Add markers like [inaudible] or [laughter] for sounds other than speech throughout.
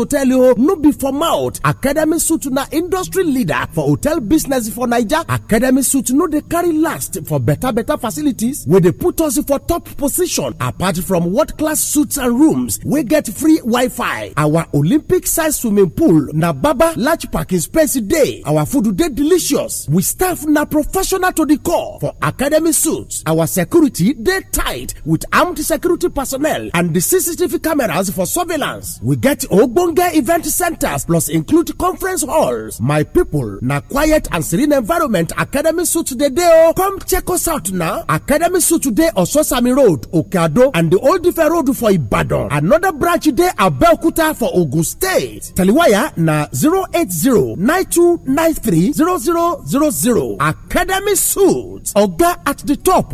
to tell you no be for mouth academy suit na industry leader for hotel business for naija academy suit no dey carry last for better better facilities wey dey put us for top position apart from world class suites and rooms wey get free wi-fi our olympic size swimming pool na baba large parking space dey our food dey delicious we staff na professional to the core for academy suit our security dey tight with armed security personnel and the cctv cameras for surveillance we get ogbonge ogbonge event centres plus include conference halls my people, na quiet and serene environment academy suit dey dey o come check us out na academy suit dey ososami road okeado and the old ife road for ibadan another branch dey abeokuta for ogun state telewire na zero zero zero zero zero eight nine nine two three zero. academy suit oga at the top.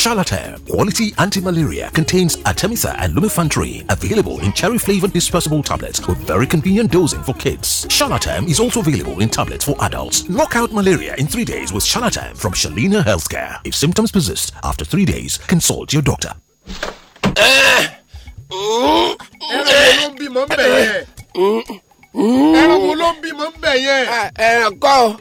Charlatan Quality Anti-Malaria contains Artemisa and Lumefantrine, available in cherry-flavored dispersible tablets with very convenient dosing for kids. Charlatan is also available in tablets for adults. Knock out malaria in three days with Charlatan from Shalina Healthcare. If symptoms persist after three days, consult your doctor. Eh. Eh, eh. ẹran mm. wo ló ń bímọ ń bẹ̀ yẹn. Ah, ẹran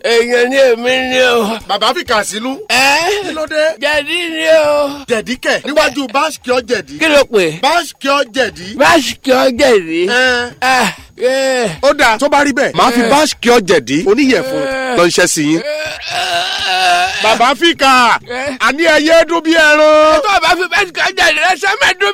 èèyàn ni èmi ni o. bàbá fi kà sílú. ẹ kí ló dé. jẹ̀dí ni o. jẹ̀dí kẹ̀ níwájú báṣkìọ́ jẹ̀dí. kí ló pè. báṣkìọ́ jẹ̀dí. báṣkìọ́ jẹ̀dí. Ah, ó dáa tó bá rí bẹ́ẹ̀ máa fi eh. báṣkìọ́ jẹ̀dí oníyẹ̀fun eh. lọ ṣẹ́ sí yín. Eh. bàbá fi kà àní ẹyẹ dún bí ẹran. ẹ tó fi báṣkìọ́ jẹ̀dí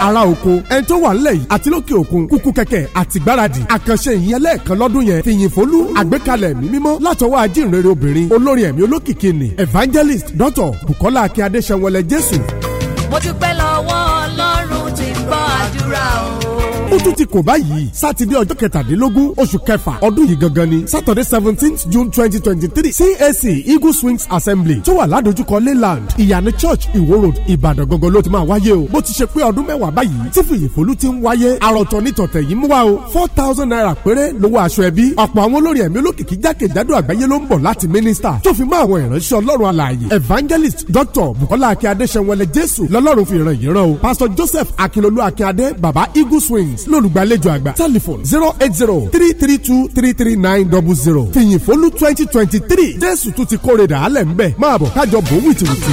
ara oko ẹni tó wà nílẹ̀ yìí àti lókè òkun kúkú kẹ̀kẹ́ àtìgbáradì àkànṣe ìyẹn lẹ́ẹ̀kan lọ́dún yẹn fìyìn fólú àgbékalẹ̀ ẹ̀mí mímọ́ látọwọ́ ajínrere obìnrin olórin ẹ̀mí olókìkí ni evangelist dr bukola akíndé ṣẹwọlẹ jésù. mo ti pẹ́ lọ́wọ́ ọlọ́run ti gbọ́ àdúrà o títí kò báyìí sátidé ọjọ́ kẹtàdínlógún oṣù kẹfà ọdún yìí gangan ni saturday seventeenth june twenty twenty three cac eagle swings assembly tó wà ládojúkọ leyland ìyànà church ìwó road ìbàdàn gangan ló ti máa wáyé o bó ti ṣe pé ọdún mẹ́wàá báyìí tí fìyèfólú ti ń wáyé àròtọ̀ ní tọ̀tẹ̀ yìí mú wá o four thousand naira péré lówó aṣọ ẹbí ọ̀pọ̀ àwọn olórin ẹ̀mí olókìkí jákèjádò àgbáyé ló ń bọ̀ láti mínísítà tó fi mọ́ àwọn ìránṣẹ́ ọlọ́run alààyè evangelist dr bukola akíndé ṣẹ́wọlẹ̀ jésù lọ́lọ́run fi ìran yìí rán o pastor joseph Akilolu akíndé baba eagle swings ló lólùgbàlejò àgbà tẹlifon zero eight zero three three two three three nine double zero fìyìnfólú twenty twenty three jésù tún ti kórè dàálẹ̀ ńbẹ̀ máa bọ̀ kájọ bò wìtìwìtì.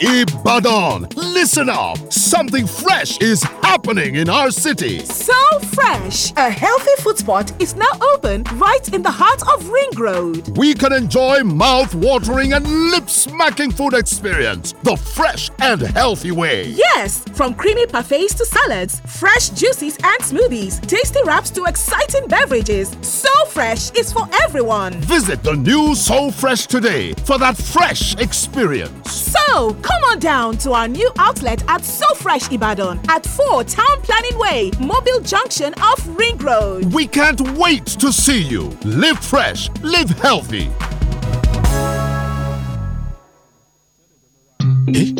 Ibadan. Listen up. Something fresh is happening in our city. So fresh. A healthy food spot is now open right in the heart of Ring Road. We can enjoy mouth-watering and lip-smacking food experience the fresh and healthy way. Yes, from creamy parfaits to salads, fresh juices and smoothies, tasty wraps to exciting beverages. So fresh is for everyone. Visit the new So Fresh today for that fresh experience. So Come on down to our new outlet at So Fresh Ibadan at 4 Town Planning Way, Mobile Junction off Ring Road. We can't wait to see you. Live fresh, live healthy. Eh?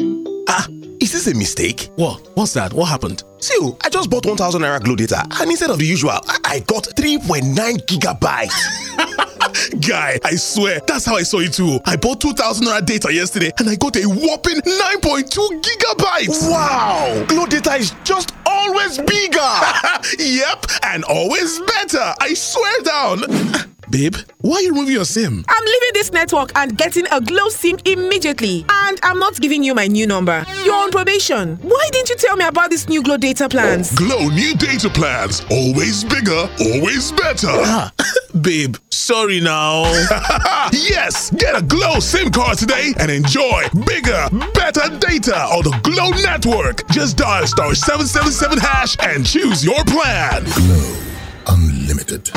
Ah, is this a mistake? What? What's that? What happened? See, oh, I just bought 1000 Naira Glow data and instead of the usual, I got 3.9 gigabytes. [laughs] [laughs] Guy, I swear, that's how I saw you too. I bought 2,000 Naira data yesterday and I got a whopping 9.2 gigabytes. Wow! Glow data is just always bigger. [laughs] yep, and always better. I swear down. [laughs] Babe, why are you removing your SIM? I'm leaving this network and getting a Glow SIM immediately. And I'm not giving you my new number. You're on probation. Why didn't you tell me about this new Glow data plans? Glow new data plans. Always bigger, always better. Ah, [laughs] babe, sorry now. [laughs] yes, get a Glow SIM card today and enjoy bigger, better data on the Glow network. Just dial star 777 hash and choose your plan. Glow Unlimited.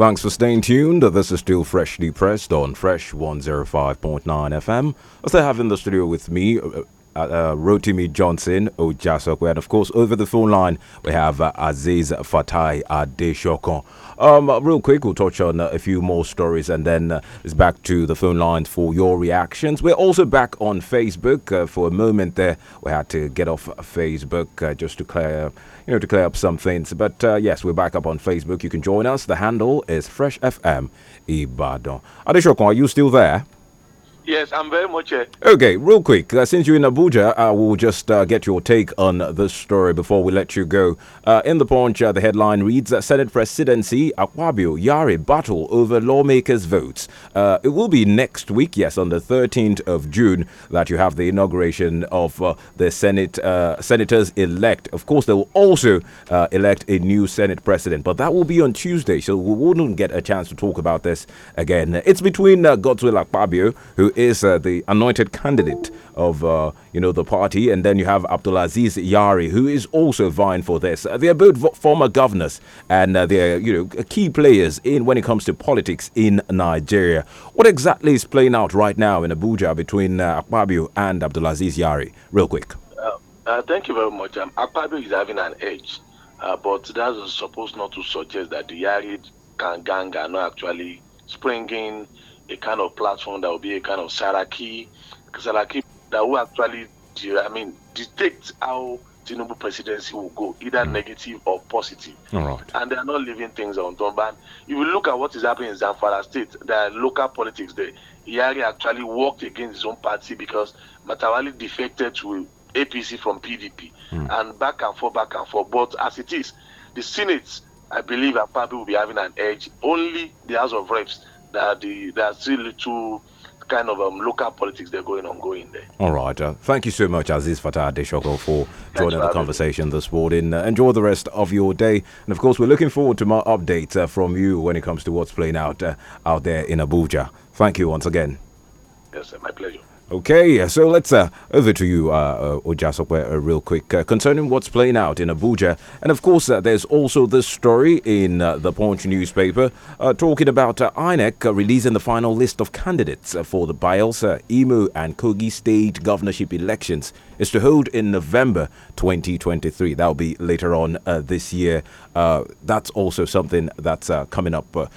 Thanks for staying tuned. This is still freshly pressed on Fresh 105.9 FM. I still have in the studio with me, uh, uh, uh Rotimi Johnson Ojasokwe, and of course, over the phone line, we have uh, Aziz Fatai Adeshokon. Um, uh, real quick, we'll touch on uh, a few more stories and then uh, it's back to the phone lines for your reactions. We're also back on Facebook. Uh, for a moment there, we had to get off Facebook just to clear you know, to clear up some things. But uh, yes, we're back up on Facebook. You can join us. The handle is Fresh FM Ibadan. Adeshokon, are you still there? Yes, I'm very much here. Okay, real quick, uh, since you're in Abuja, I will just uh, get your take on this story before we let you go. Uh, in the punch, uh, the headline reads that uh, Senate presidency Akwabio Yari battle over lawmakers' votes. Uh, it will be next week, yes, on the 13th of June, that you have the inauguration of the Senate senators elect. Of course, they will also elect a new Senate president, but that will be on Tuesday, so we wouldn't get a chance to talk about this again. It's between Godswill Akwabio, who is uh, the anointed candidate of uh, you know the party, and then you have Abdulaziz Yari, who is also vying for this. Uh, they are both former governors, and uh, they are you know key players in when it comes to politics in Nigeria. What exactly is playing out right now in Abuja between uh, Akpabio and Abdulaziz Yari? Real quick. Uh, uh, thank you very much. Um, Akpabio is having an edge, but that is supposed not to suggest that the Yari gang are not actually springing a kind of platform that will be a kind of Saraki, Saraki that will actually, I mean, detect how Tinubu presidency will go, either mm. negative or positive. All right. And they are not leaving things undone. But if you look at what is happening in Zamfara State, the local politics there, Yari actually worked against his own party because Matawali defected to APC from PDP mm. and back and forth, back and forth. But as it is, the Senate, I believe, and probably will be having an edge. Only the House of Reps that the there's still little kind of um, local politics they're going on going there. All right. Uh, thank you so much, Aziz Fatah Deshoko, for joining the conversation me. this morning. Uh, enjoy the rest of your day. And of course, we're looking forward to more updates uh, from you when it comes to what's playing out uh, out there in Abuja. Thank you once again. Yes, sir, my pleasure. Okay, uh, so let's uh, over to you, uh, uh, uh, real quick uh, concerning what's playing out in Abuja, and of course uh, there's also this story in the Punch newspaper talking about uh, INEC releasing the final list of candidates for the Bielsa, Imu, and Kogi state governorship elections is to hold in November 2023. That'll be later on this year. that's also something that's coming up.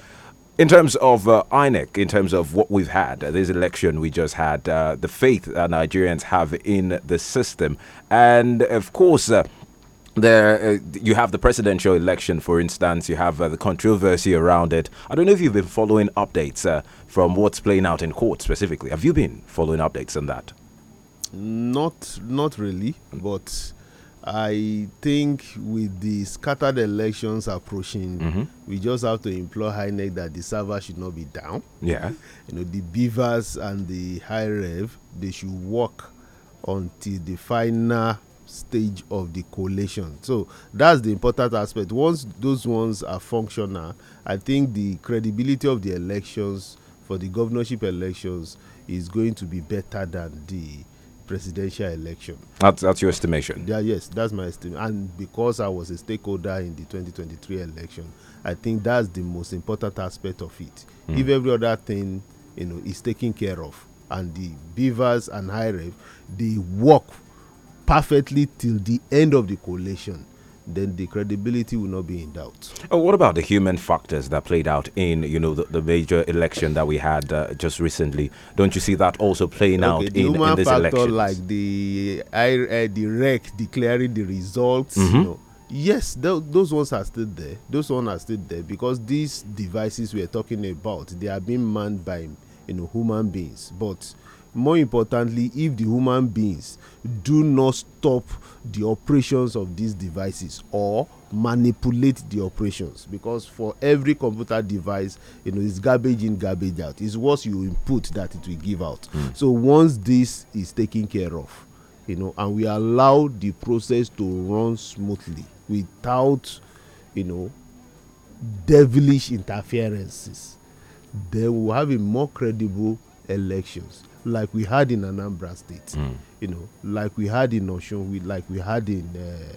In terms of uh, INEC, in terms of what we've had, uh, this election we just had, uh, the faith that Nigerians have in the system. And of course, uh, there uh, you have the presidential election for instance you have uh, the controversy around it i don't know if you've been following updates uh, from what's playing out in court specifically have you been following updates on that not not really but I think with the scattered elections approaching, mm -hmm. we just have to implore HINEC that the server should not be down. Yeah. You know, the beavers and the high rev, they should work until the final stage of the collation. So that's the important aspect. Once those ones are functional, I think the credibility of the elections for the governorship elections is going to be better than the presidential election. That's, that's your estimation? Yeah, yes, that's my estimation. And because I was a stakeholder in the 2023 election, I think that's the most important aspect of it. Mm. If every other thing you know, is taken care of, and the beavers and high rev, they work perfectly till the end of the coalition then the credibility will not be in doubt. Oh, what about the human factors that played out in you know the, the major election that we had uh, just recently? Don't you see that also playing okay, out the in, human in this factor election? Like the I, uh, declaring the results. Mm -hmm. you mm-hmm. know, yes, th those ones are still there. Those ones are still there because these devices we are talking about they are being manned by you know human beings, but more importantly if the human beings do not stop the operations of these devices or manipulate the operations because for every computer device you know it's garbage in garbage out it's what you input that it will give out mm. so once this is taken care of you know and we allow the process to run smoothly without you know devilish interferences then we'll have a more credible elections like we had in Anambra State, mm. you know, like we had in Osun, we like we had in uh,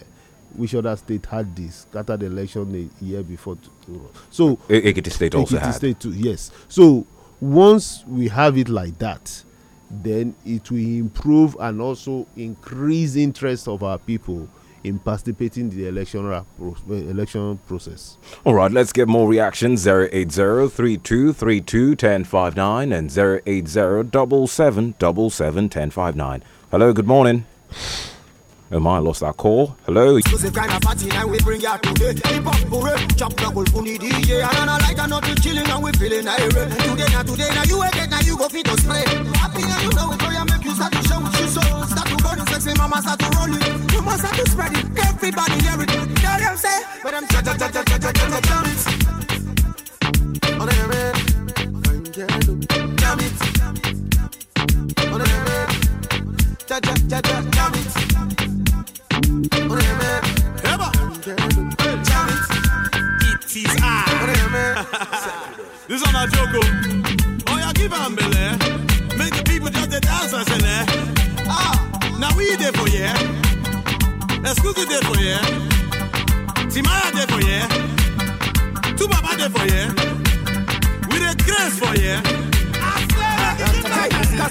which other state had this scattered election a year before. To, to, so Ekiti State Ekiti also had. State too, yes. So once we have it like that, then it will improve and also increase interest of our people in participating the election, eh, election process. All right, let's get more reactions 080-3232-1059 and 080-777-1059. Hello, good morning. Oh my, I lost that call. Hello. So bring I not I'm now, you now, you go play. you know show i am start to roll it. You must start to spread it. Everybody hear it. You them say, I'm saying? But I'm cha cha cha cha cha cha cha jam it. On the red, Jam it. On the red, cha cha cha cha jam it. On the red, ever jam it. It is I. On the red, this is not a joke. Oh, oh yeah, give him belay. Now we there for ya? yeah. Excuse there for yeah. Timara there for ya? Two papa there for ya? We the grace for ya?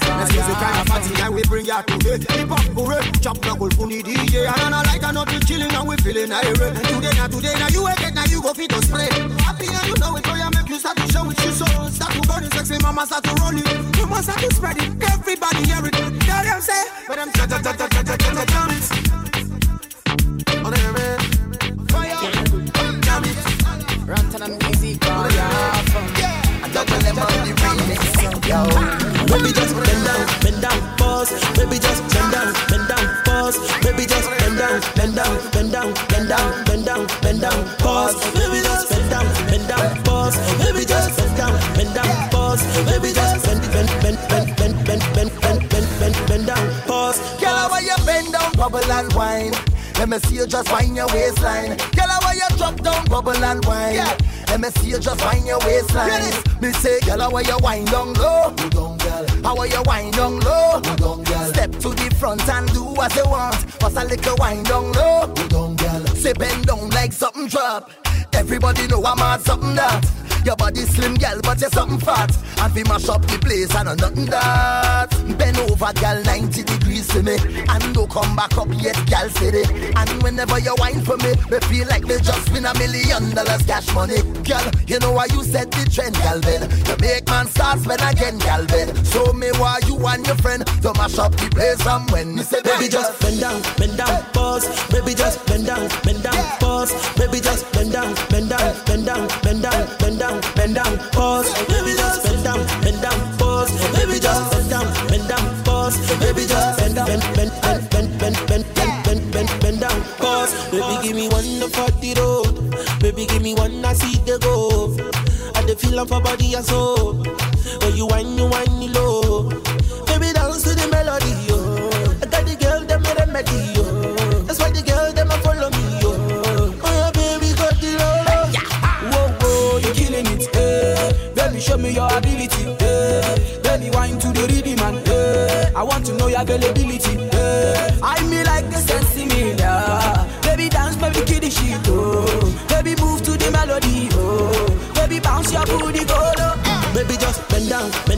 Let's use the kind of party that we bring ya today. Hip hop parade, chop the knuckle funny DJ. And on a like and not chilling and we feeling irate. Today now, today now, you wake it now, you go fit to spray. Happy and you know it, so you make you start to show with You so start to burn it, sexy mama start to roll it. You must start to spread it, everybody hear it. Tell them say, but them am cha cha cha cha cha cha cha jam it. On the red, jam it. Rantan and easy, call ya. I don't tell them on the remix, yo. When we pause. Baby, just bend down, bend down, pause. Baby, just bend down, bend down, bend down, bend down, bend down, bend down, pause. Baby, just bend down, bend down, pause. Baby, just bend down, bend down, pause. Baby, just bend, bend, bend, bend, bend, bend, bend, bend, bend, bend down, pause. Girl, why you bend down, bubble and wine? Let me see you just find your waistline. Girl, I want you drop down, bubble and wine. Yeah. Let me see you just find your waistline. Yes. Me say, girl, I want you wind down low. Go down, girl. I want you wind down low. Go down, girl. Step to the front and do what you want. Pass a little wind down low. Go down, girl. Say bend down like something drop. Everybody know I'm mad something that. Your body slim, girl, but you're something fat. And we mash up the place, I know nothing that. Bend over, girl, 90 degrees to me. And don't come back up yet, girl, city. And whenever you whine for me, me feel like me just win a million dollars cash money. Girl, you know why you set the trend, Calvin. You make man start spend again, Calvin. So me why you and your friend to mash up the place and when you say Baby, just bend down, bend down, pause. Baby, just bend down, bend down, pause. Baby, just bend down, bend down, bend down, bend down, bend down, bend down, pause. Baby, just bend down, bend down, pause. Baby, just bend down, bend down, pause. Baby, just bend down, bend, bend, bend, bend, bend, bend, bend, bend, bend, bend down, pause. Baby, give me one for the road. Baby, give me one I see the go. I the feeling a body and soul. When you whine, you whine, you want to know your availability. Yeah. I me like a sensimilla. Baby dance, baby kiddie shit, oh. Baby move to the melody, oh. Baby bounce your booty, go low. Baby just bend down, bend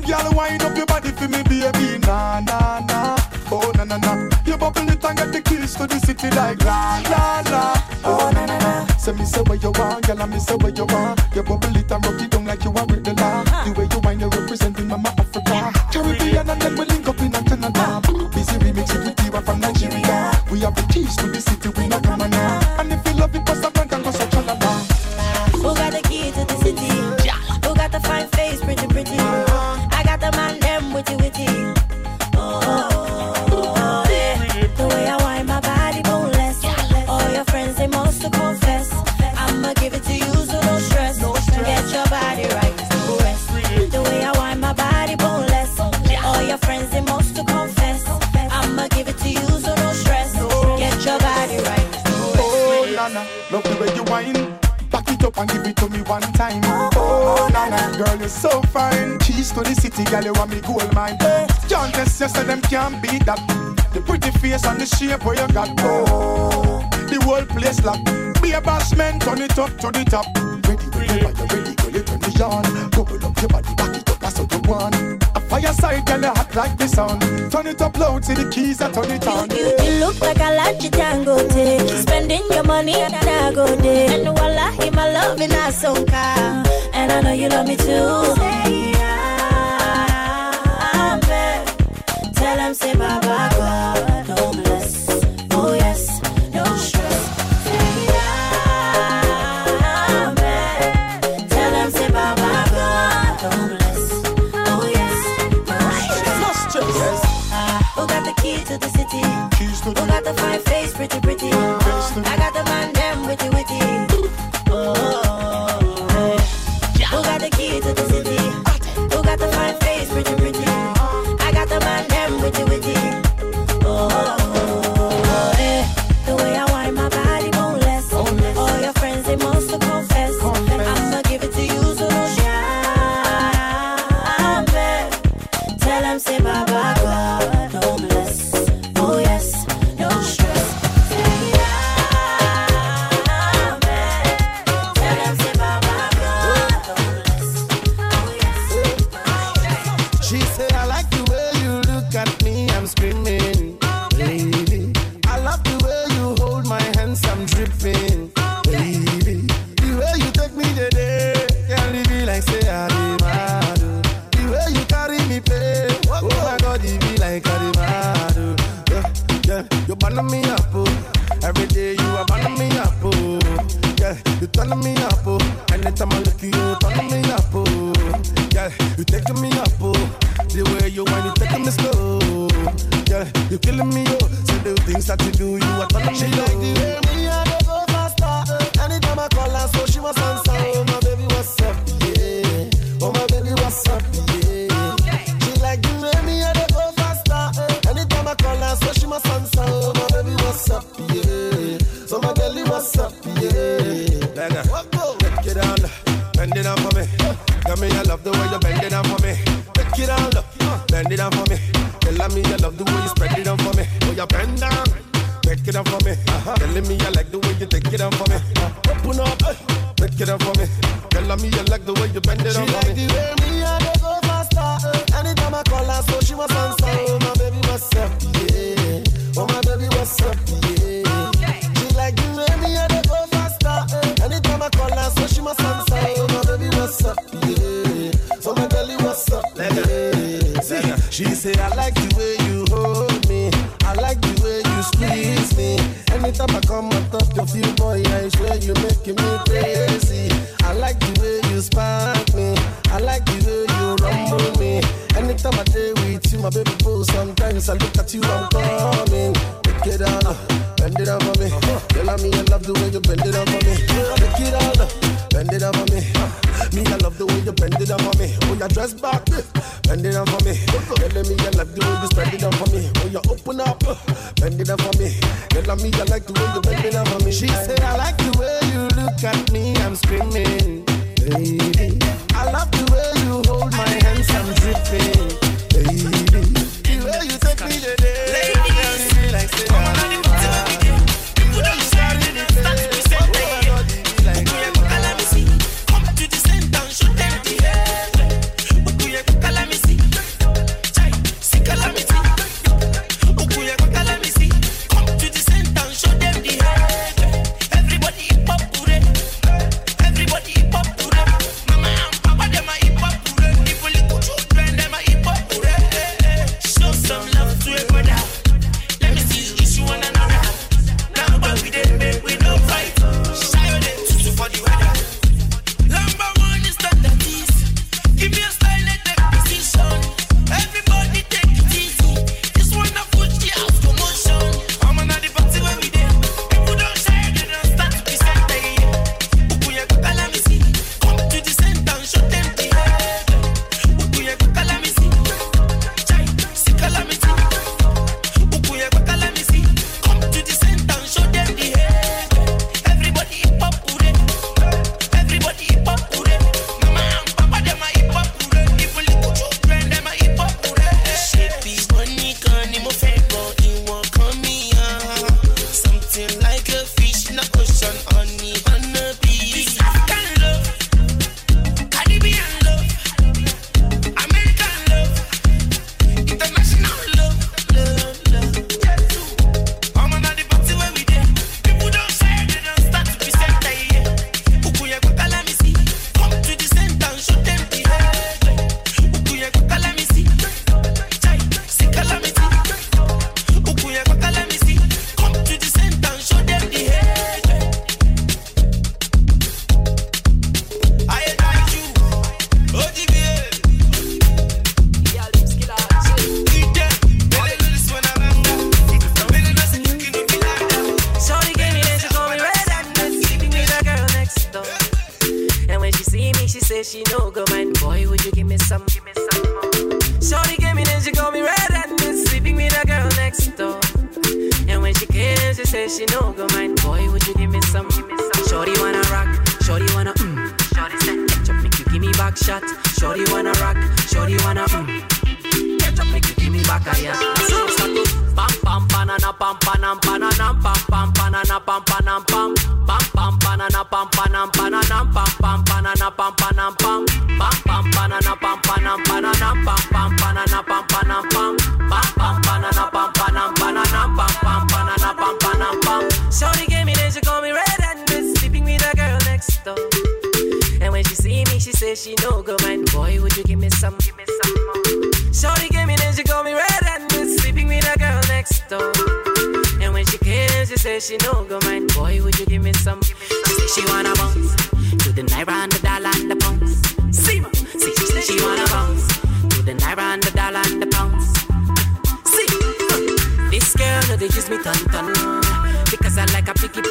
girl, wind up your body for me, baby. Nah, nah, nah. Oh, nah, nah, nah. You bubble it and get the keys to the city like la, la, la. Oh, nah, nah, nah. Say me say where you want, girl, I me say where you want. You bubble it and rock it down like you want. to the city, girl, you want me gold mine. Hey, John Tess, you said them can't beat that. The pretty face and the shape where you got. Oh, the whole place locked. Be a boss man, turn it up to the top. Ready, ready, ready, ready, girl, you turn me on. Double up your body, back it up, that's what you want. A fireside, girl, you hot like the sun. Turn it up loud, see the keys, I turn it on. You, you, you look like a lucky tango day. Spending your money at I go day. And while I hear my love in a song car. And I know you love me too. Say that we do you what I She like the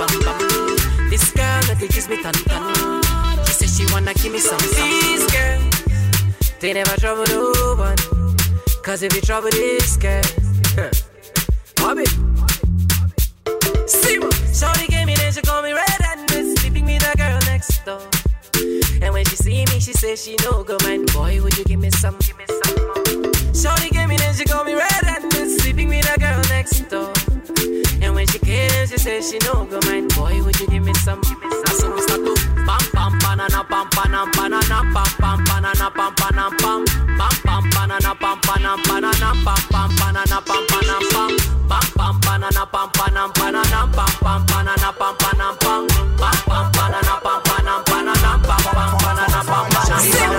bam bam. This girl that gives me tan tan. She says she wanna give me some. These girls, they never trouble no one. Cause if you trouble this girl, Bobby. See what? Shorty gave me then she call me red-handed, sleeping with the girl next door. And when she see me, she say she no go mind. Boy, would you give me some? Give me some more. Shorty gave me then she call me red-handed, sleeping with the girl next door when she came, she said she no go mine. Boy, would you give me some? Give me some. start to bam bam banana bam banana banana bam bam banana bam banana bam bam bam banana bam banana banana bam bam banana bam banana bam bam bam banana bam banana banana bam bam banana bam banana bam bam bam banana bam banana banana bam bam banana bam banana.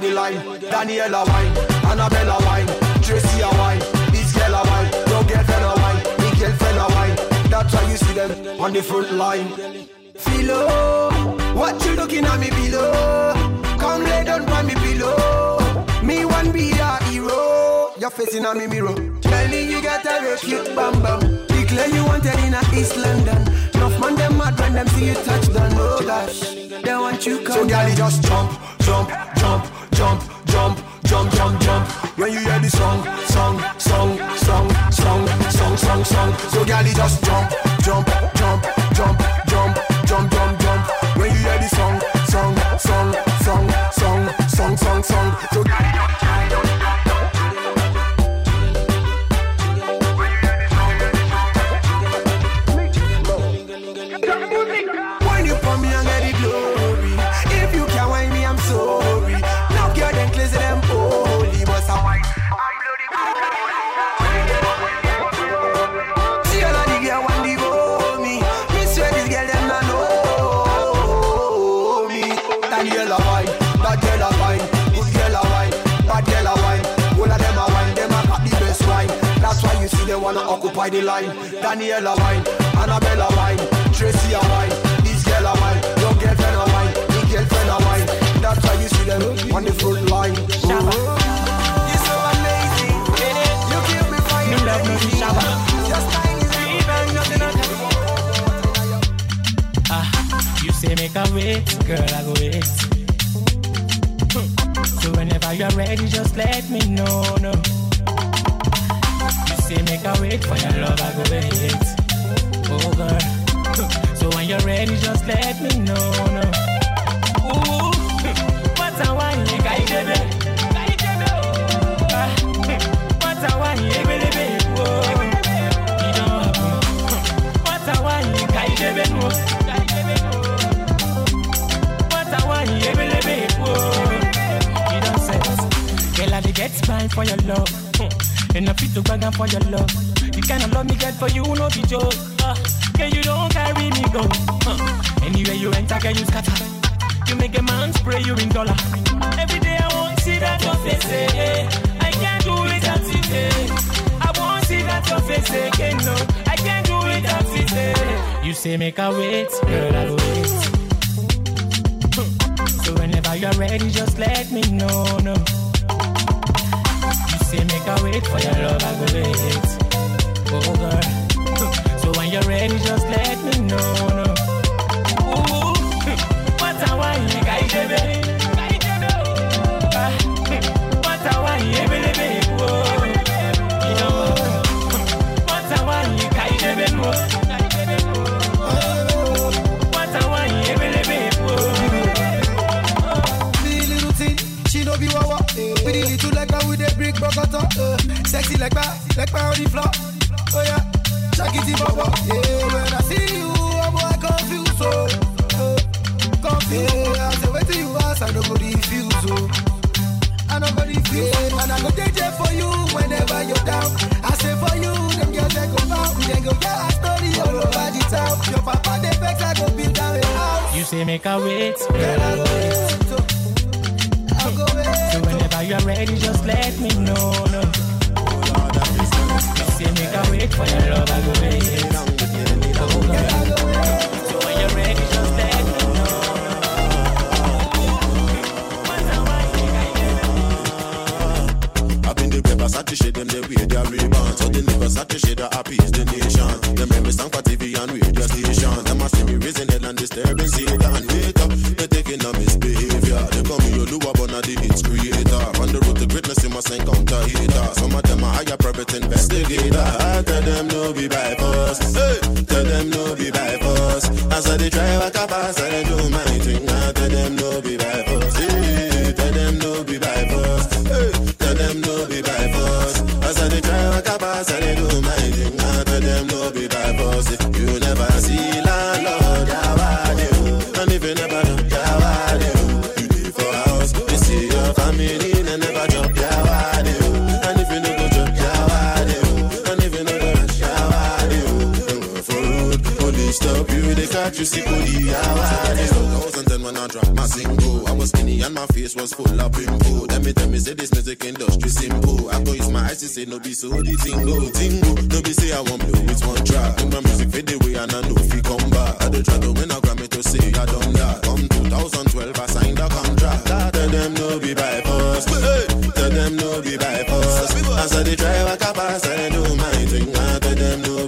the line. Daniela wine, Annabella wine, Tracy a wine, this girl a wine, your girlfriend a wine, me girlfriend a wine. That's why you see them on the front line. Philo, what you looking at me below? Come lay down by me below. Me one be a hero. You're facing on me mirror. Tell me you got a real cute bam bam. Declare you wanted in a East London. Enough man them mad when them see you touch the Oh dash. they want you come. So girl, just jump, jump, jump, jump, jump, jump, jump. When you hear the song, song, song, song, song, song, song, song. So girlie just jump, jump, jump, jump, jump, jump, jump, jump. When you hear the song, song, song, song, song, song, song, song. So girlie just occupy the line. Daniela wine, Annabella wine, Tracy a wine, this girl a wine, your girlfriend a wine, me girlfriend a wine. That's why you see them on the front line. Shabba. You're so amazing, you give me fire. You love me, Shabba. Your style is even nothing I can. Ah, you say make a wait, girl I go wait. Hmm. So whenever you're ready, just let me know, no say make a wait for your love, I go wait. Oh girl, [laughs] so when you're ready, just let me know. No. Ooh, [laughs] what a wine, you got it, [laughs] What a baby. Girl, I get smile for your love. And I feel to beg for your love. You kind of love me get for you, no be joke. Uh, can you don't carry me go? Uh, anywhere you enter, can you scatter? You make a man spray you in dollar. Every day I won't see that your face. I can't do without you. it. I won't see that your face again. no, I can't do without you. it. You say make a wait, girl, I wait. [laughs] So whenever you're ready, just let me know. No say make a wait for your love, I go wait. Oh girl, [laughs] so when you're ready, just let me know. No. uh, sexy like that, like on the floor. Oh yeah, it, Yeah, when I see you, I'm confused. So, uh, eh, confused. Yeah, I say wait till you ask, I don't go refuse. Oh. I don't go refuse. Yeah, and I go DJ for you whenever you're down. I say for you, them girls they go bounce. they go get a story all over the town. Your papa they I go build down the house. You say make a wait, girl I wait. So, oh. So whenever you're ready, just let me know. No. See, make a wait for your love, I go wait. So when you're ready, just let me know. them, their So they never the nation. Them make me stand for TV and radio station. Them see me raising and disturbing Satan. separate investigator. I tell them no be by force. Hey. Tell them no be by force. As I they try, I can pass, I do my just full of info. That me tell me say this music industry simple. I go use my eyes to say no be so the tingo, tingo. No be say I want play with one track. If my music fade away and I know if you come back. I don't try to win a Grammy to say I done that. Come 2012 I signed a contract. I tell them no be by force. Hey. Tell them no be by force. As I they try walk up, I do my thing. I tell them no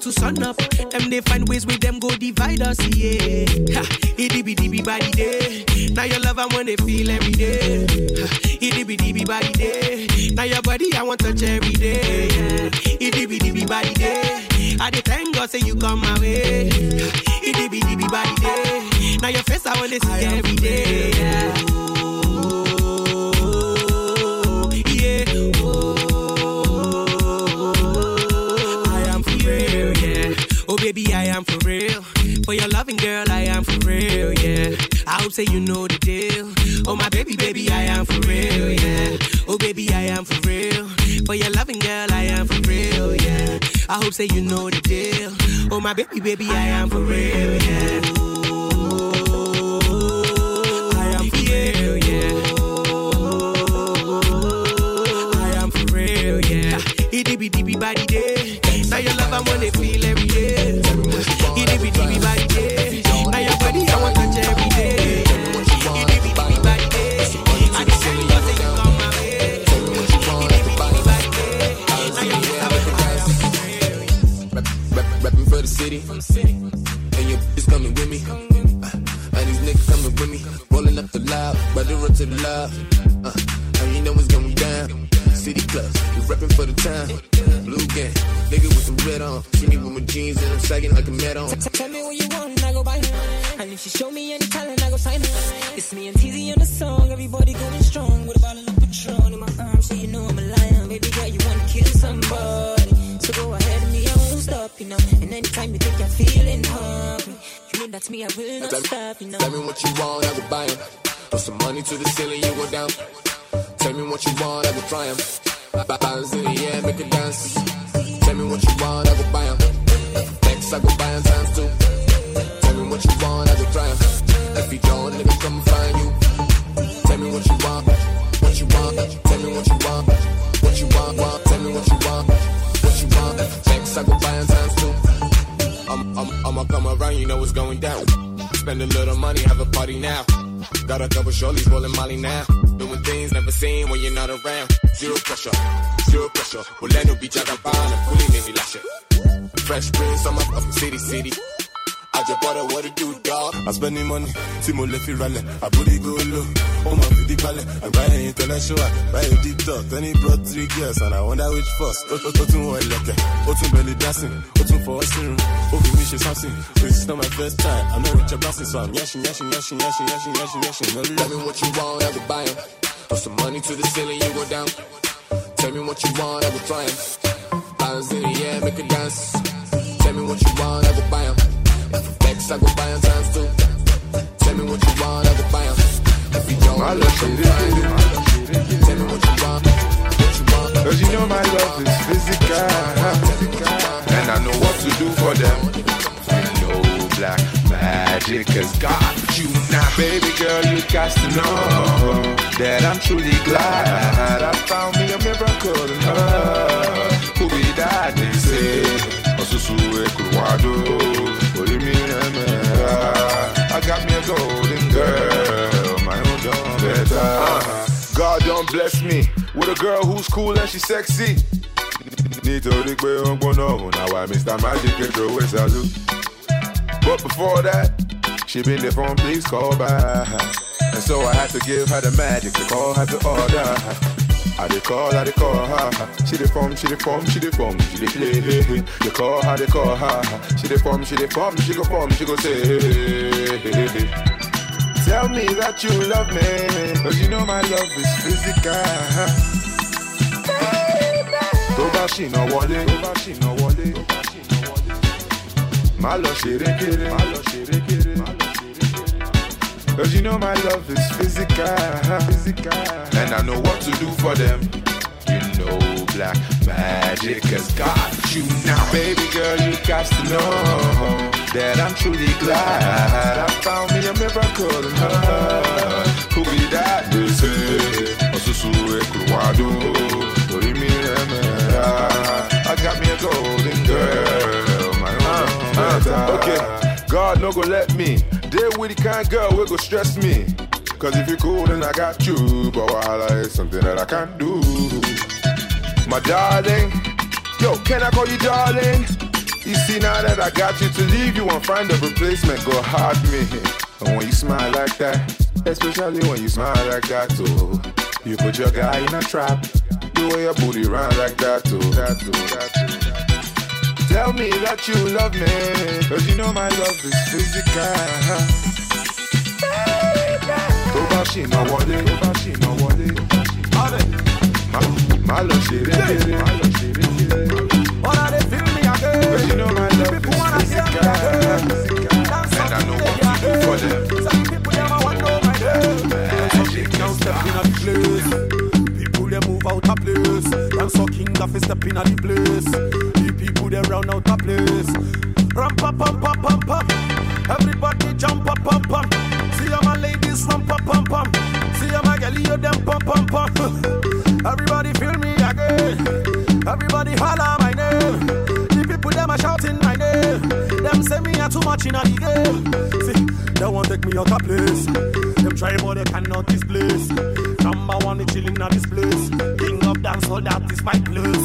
to sun up. Them they find ways with them go divide us, yeah. it itty bitty body day. Now your love I wanna feel every day. It itty bitty body day. Now your body I want touch every day. It Itty bitty body day. I dey thank God say you come my way. It itty bitty body day. Now your face I wanna see. say you know the deal. Oh, my baby, baby, I am for real, yeah. tí mo lè fi ralẹ̀ àbórígbó lò ó mọ̀ fi dípalẹ̀ àgbáyé international báyìí dictor tẹ́ni brought three girls and I wonder which first ó tún wọ ìlẹ̀kẹ̀ ó tún bẹ̀lẹ̀ dancing ó tún fọwọ́ sírun ó fi mí ṣe something this is not my first time I'm not Richard Branson so I'm yashin yashin yashin yashin yashin yashin yashin lórí Tell me what you want, I go buy it. Put some money to the ceiling, you go down. Tell me what you want, I go try it. Bounce in the air, make a dance. Tell me what you want, I go buy it. If you flex, I go buy it times two. Cause you know my love is physical. And I know what to do for them. No black magic has got you now. Baby girl, you got to know that I'm truly glad I found me a miracle Who be that they say? I got me a golden girl. God don't bless me with a girl who's cool and she's sexy. Nítorí pé ó ń gbóná òun náà wà Mr. Magic Pedro Wesalu. But before that, she been there from. please call back. And so I had to give her the magic, the call her to order. I dey call, I dey call her. She dey form, she dey form, she dey form, she dey play. They call her, they call her. She dey form, she dey form, she go form, she go say. Tell me that you love me, cause you know my love is physical. Tó bá ṣìnà wọlé, tó bá ṣìnà wọlé, love she ṣeré kéré, má lọ ṣeré kéré. Cause you know my love is physical, physical. And I know what to do for them. You know black magic has got you now. Baby girl, you got to know that I'm truly glad I found me a miracle in her. Who be that they say? Osusu Ekuwado, Orimi Emera. I got me a golden girl, my own uh, Okay, God no go let me deal with the kind girl we go stress me. Cause if you cool, then I got you. But wahala is something that I can't do. My darling, yo, can I call you darling? You see, now that I got you to leave, you and find a replacement. Go hard me. And when you smile like that, especially when you smile like that, too. Oh. You put your guy in a trap. The way your booty round like that, too. Oh. That, too, oh, that, too. Tell me that you love me, cause you know my love is physical. Go bá ṣì ná wọlé, tó bá ṣì ná wọlé, má lọ ṣeré but you know my love is physical, and I know what to do for them. people them I want know my love. Magic now stepping at the place people they move out of place. And so king of stepping at the place. people they round out of place. Ram pam pam pam pam pam. Everybody jump up pam pam. See my ladies ram pam pam pam. See all my girlie them pam pam pam. Everybody feel me again. Everybody holla. Them say me are too much in a game. See, they want take me out of place. Them try but they cannot displace. Number one, they chilling at this place. King of dance, hold up this my place.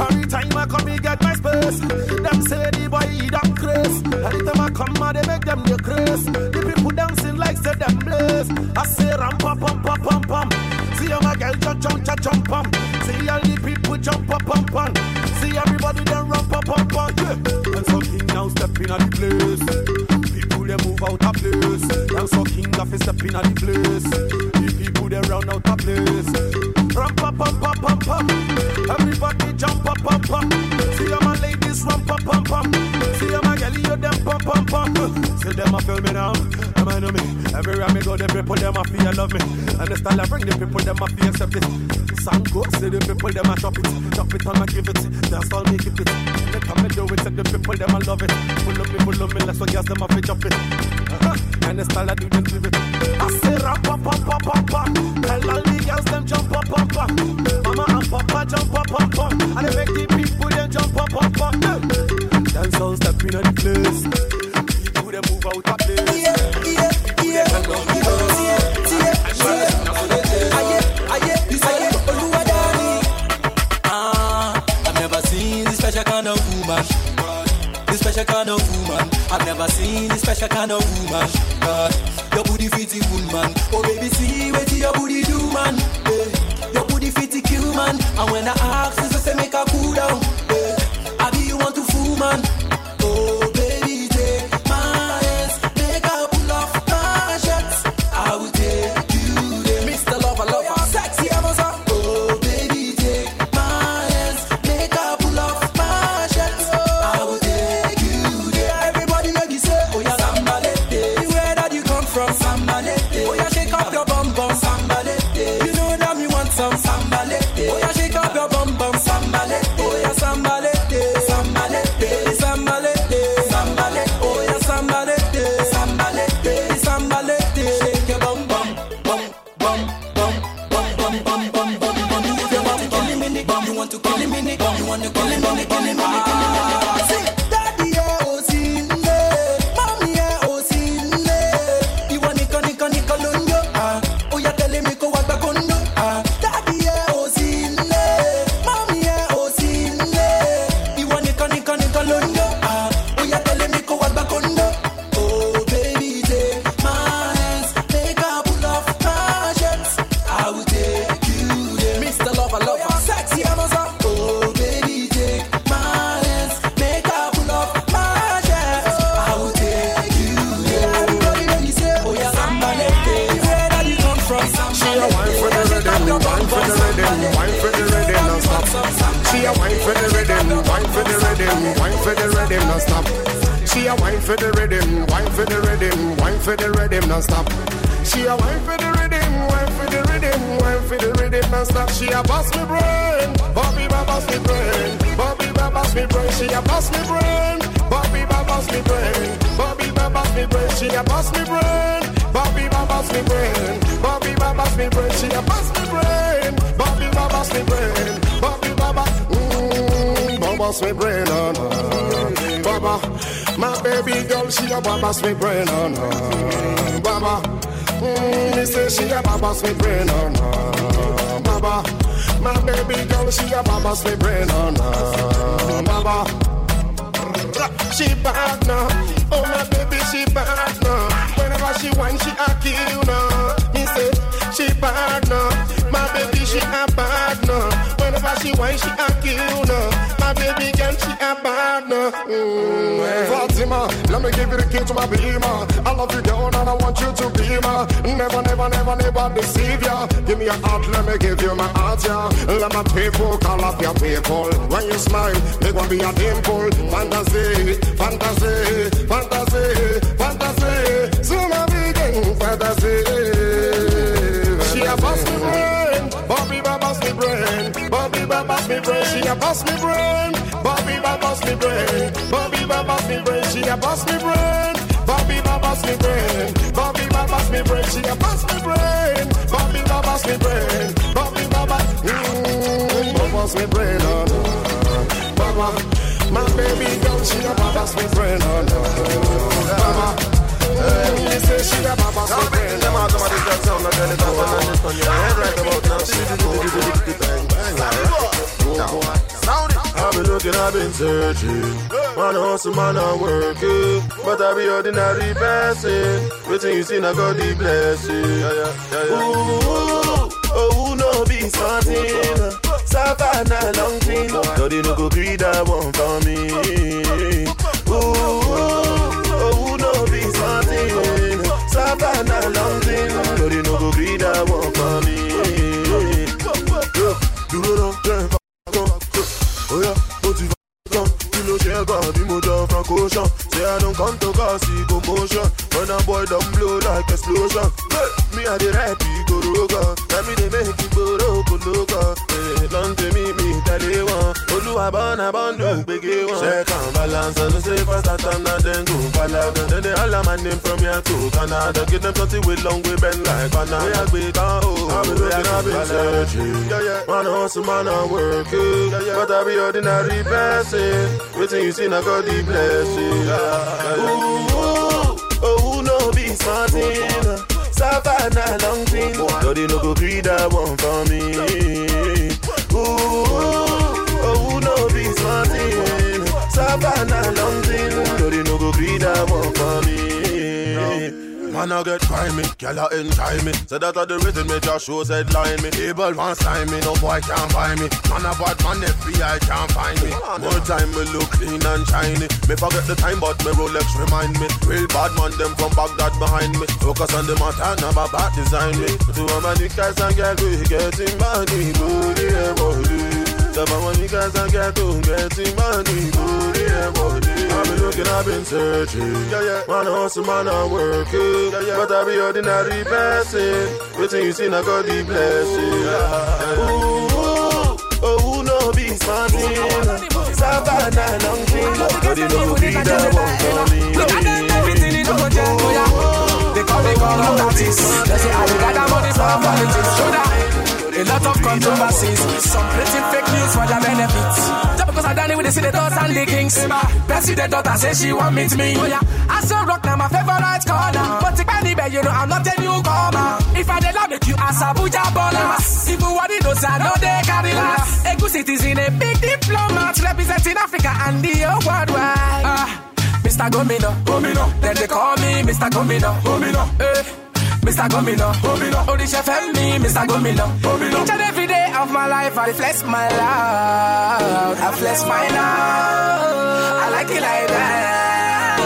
Every time I come, me get my space. Them say the boy he don't craze. Every time I come, I they make them the craze. The people dancing like say them blaze. I say ram pam pam pam pam pam. See all my girl jump jump jump pam. See all the people jump pam pam pam. See everybody then run, pop, pop, pop, yeah. And so king now stepping at the place. People they move out of place. And so king now fi step at the place. The people they run out of place. Run, pop, pop, pop, pop, pop. Everybody jump, pop, pop, pop. See all my ladies run, pop, pop, pop. See all my girl, you them pop, pop, pop. See them a feel me now. Them I know me. Everywhere me go, the people them a feel love me. And the style I bring, the people them a feel accept it. Some go see the people, them a drop it. Drop it and I give it. That's all me keep it. They come and do it, take the people, them a love it. Full of pull up, me, let's go gas them up and drop it. Uh-huh. And the style I do, them give it. I say rap, pop, pop, pop, pop, pop. Tell all the girls, them jump up, up, up. Mama and papa jump up, up, up. And they make the people, them jump up, up, up. Dance all step in the place. People, them move out of place. Yeah, yeah. special kind of woman. I've never seen this special kind of woman. God. your booty fitty woman. Oh baby, see what your booty do, man. Hey, your booty fitty kill, man. And when I ask, you say make a cool down. Hey, I be you want to fool, man. Oh. that people call up your people. When you smile, they gonna be a dimple. Fantasy, fantasy, fantasy, fantasy. Soon I'll be getting fantasy. She a bust me brain, Bobby ba bust me brain, Bobby ba bust me brain. She a bust me brain, Bobby ba bust me brain, Bobby ba bust me brain. She a bust me brain, Bobby ba bust me brain, Bobby ba bust me brain. She a bust me brain. us me brain on. Mama, my baby girl, she a me brain on. Mama, me eh, say she a babas me brain on. Them automatic girls sound like any on your head right about now. She do do do do do do bang bang. Sound it. I've been looking, I've been searching. Man hustle, man a work But I be ordinary person. Waiting you see, I got the blessing. Yeah, yeah, yeah, yeah. Ooh, oh, who no be something. Savannah long thing. No, they no go greed that one for me. Ooh, oh, no be something. Savannah long thing. No, they no go greed that one for me. Yo, do do do. over, be moved from caution. Say I don't come to cause see commotion. When a boy don't blow like explosion. Hey, me I the rap, go roga. Let me they make it go loca. Hey, don't me me tell you one. Olúwa bọ́nà bọ́ndù gbégé wọn. Check and balance and say faster than I then go palagan. Then they holler my name from here to Canada. Give them something with long way bend like banana. We are big on oh, I've been looking, I've been searching. Yeah, yeah. Man hustle, man a work yeah, But I be ordinary person. Waiting you see na God the blessing. Yeah. Ooh, oh, no be smarting. Savannah long thing. Dirty no go greed that one for me. Ooh me. Savannah, London, no no go greed that one for me. Man, I get grimy, girl, I enjoy me. Say that are the reason me just shows headline me. Able one sign me, no boy can't buy me. Man, I bought man, FBI can't find me. More time me look clean and shiny. Me forget the time, but me Rolex remind me. Real bad man, them from Baghdad behind me. Focus on the matter, now my back design me. To a man, guys and girl, we getting money, booty, boy. Tell my one niggas I get to getting money, booty and body. I've been looking, I've been searching. Yeah, yeah. Man hustle, man i work working. Yeah, yeah. But I be ordinary person. Waiting you see, I got the blessing. Yeah. Ooh, oh, who no be smarting? Savannah, long thing. Nobody know be the one coming. me. at them, everything in over there. Oh, yeah. They call, me call, all artists. They say, I got that money for politics. Show that a lot of controversies. Some pretty fake news for their benefits. Just because I done it with the city and the kings. Percy' the daughter says she want meet me. Oh yeah, I still rock now my favorite corner. But if anywhere, you know I'm not a newcomer. If I dey love make you as Abuja baller. Even what it does, I know they carry last. A good citizen, a big diplomat representing Africa and the world wide. Uh, Mr. Gomino, Gomino, then they call me Mr. Gomino, Gomino. Eh. Mr. Gomino, Gomino. Oh, the chef me, Mr. Gomino, Gomino. Each and every day of my life, I bless my love. I bless my love. I like it like that.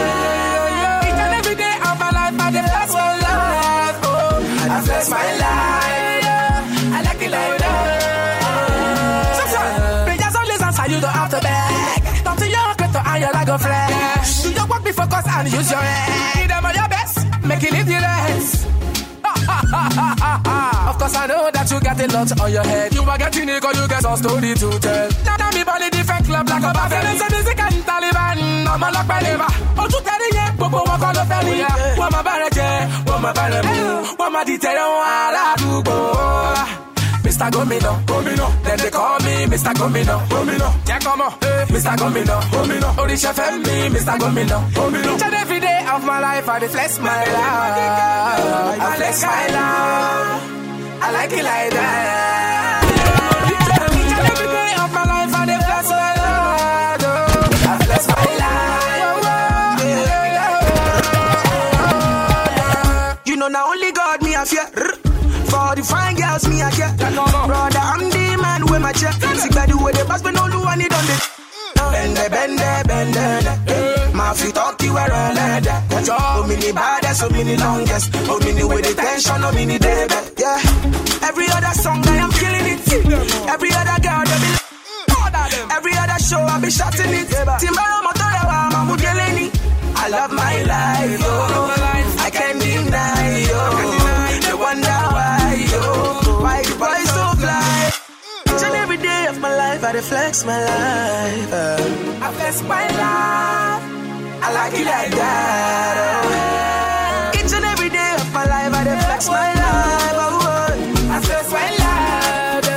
Each and every day of my life, I flex my love. Oh, I bless my life. I like it like that. Sometimes, players always answer you, don't have to beg. Don't your crypto and your lack of flesh. You walk before cause and use your head. Give them all your best, make it live you Cause I know that you got a lot on your head. You are getting it, cause you got some story to tell. Now me body different club, like a Babylon, so this can Taliban. I'm a lock my neighbor. Oh, you tell me, yeah, but what kind of family? Oh, what my barrack, what my barrack, what my detail, what I do go. Mr. Gomino, Gomino, then they call me Mr. Gomino, Gomino, yeah, come on, hey, Mr. Gomino, Gomino, chef oh, and me, Mr. Gomino, Gomino. Each and every day of my life, I flex my life, I flex my life. I like it like that. Each and every day of my life, I my Oh, I my life. You know, now only God me I fear. For the fine girls me I care. Brother, I'm the man with my chair. Sick the way the pass, but no do I need this. Bende, bende, bende, I feel talking we're on leather. Cause oh, me the baddest, oh, me the longest. Oh, me with the tension, oh, me the Yeah. Every other song, I am killing it. Every other girl, they be mm. Every other show, I be shutting it. Timbara motora wa mamudeleni. I love my life, oh. I can't deny, oh. They wonder why, oh. Why the boy so fly? Each and every day of my life, I reflex my life. Uh. I flex my life. I like it like that. Oh. Each and every day of my life, I flex my life. Oh, oh. I flex my life.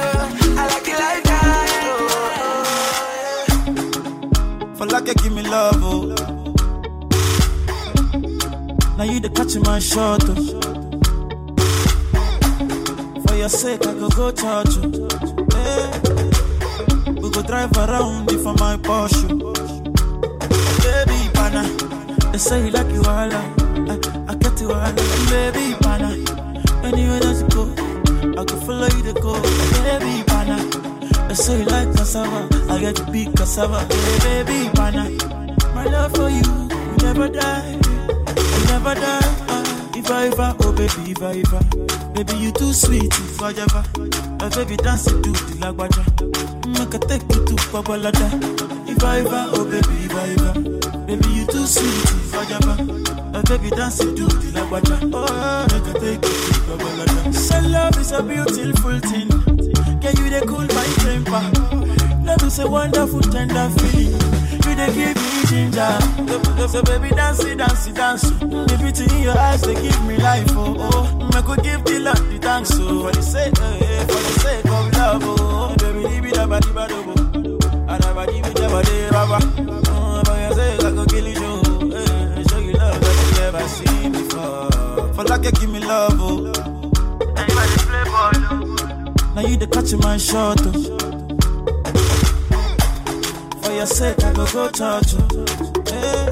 Oh. Like oh. give me love, oh. Now you the catching my shot, oh. For your sake, I go go charge you. Oh. We go drive around before my Porsche pana. They say you like you are I, I get you all Baby pana, anywhere that you go, I could follow you to go. Baby pana, they say you like cassava, I get to be cassava. Hey, baby pana, my love for you will never die, will never die. Ah, if I ever, oh baby, if I ever, baby you too sweet, if I ever, my baby dance to the lagwaja, make mm, I take you to Babalada. If I ever, oh baby, if I ever too baby dancing to the Oh, I can take it. So love is a beautiful thing. Can you they cool my temper? Love is a wonderful, tender feeling. You they give me ginger. So baby, dance it, dance it, in your eyes they give me life. Oh, oh. Mm, I could give the Lord the thanks. So oh. for the sake, eh, eh, for the sake of love. Oh, baby, leave it, abadi, badobo. Adabadi, girl give me love, oh. Now you the catch my shot, oh. For your sake, I go go touch, oh. Hey.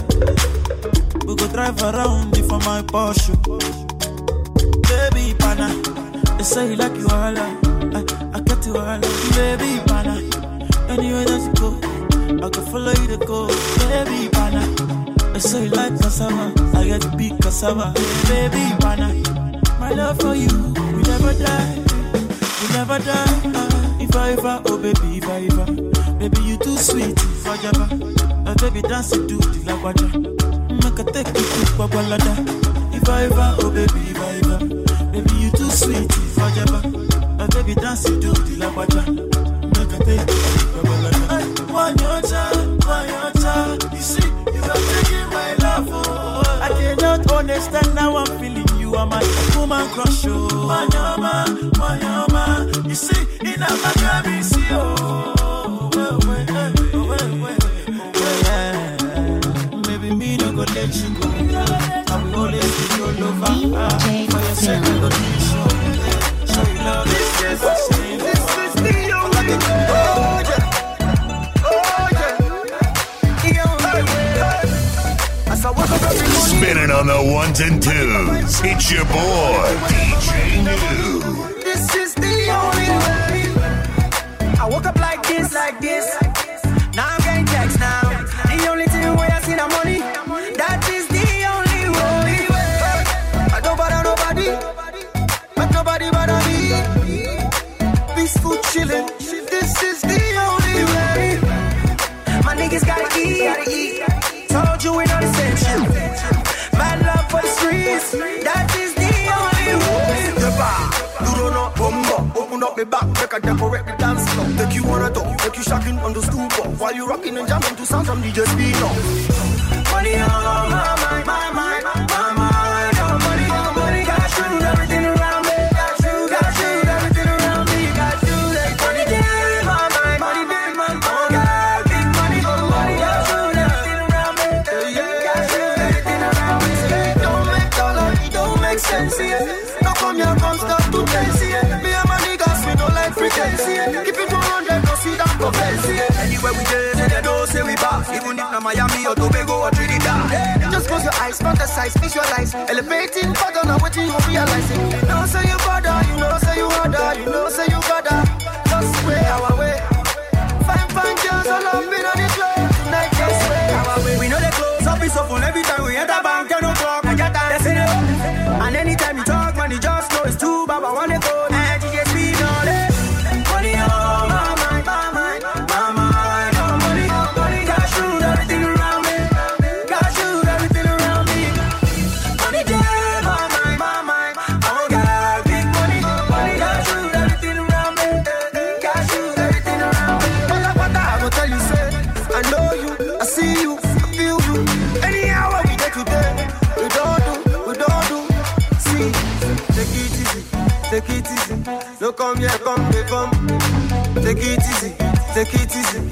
We go drive around for my Porsche. Oh. Baby, pana, they say you like you all, I, I get you all, baby, pana. Anywhere that you go, I can follow you to go, baby, pana. You say you like cassava, I get to big cassava. Baby, wanna my love for you we never die, we never die. Uh, if I ever, oh baby, if I ever, baby you too sweet, for Java. Uh, ah, baby dance to the lagwaja, make a take you to Babalada. If I ever, oh baby, if I ever, baby you too sweet, for Java. Uh, ah, baby dance to the lagwaja, make a take you to Babalada. I want your time. understand how I'm feeling. You are my woman crush. Oh, my mama, my mama. You see, in a Miami, see. the ones and twos. It's your boy, DJ News. me back, make a decorate the dance floor. Take you on a top, take you shocking on the stoop while you rocking and jamming to sound from DJ Speed. Money on my mind. Miami, or Tobago, or Trinidad. Just close your eyes, fantasize, visualize, elevating, but don't know what you realize. It. say your body. Take it easy, take it easy.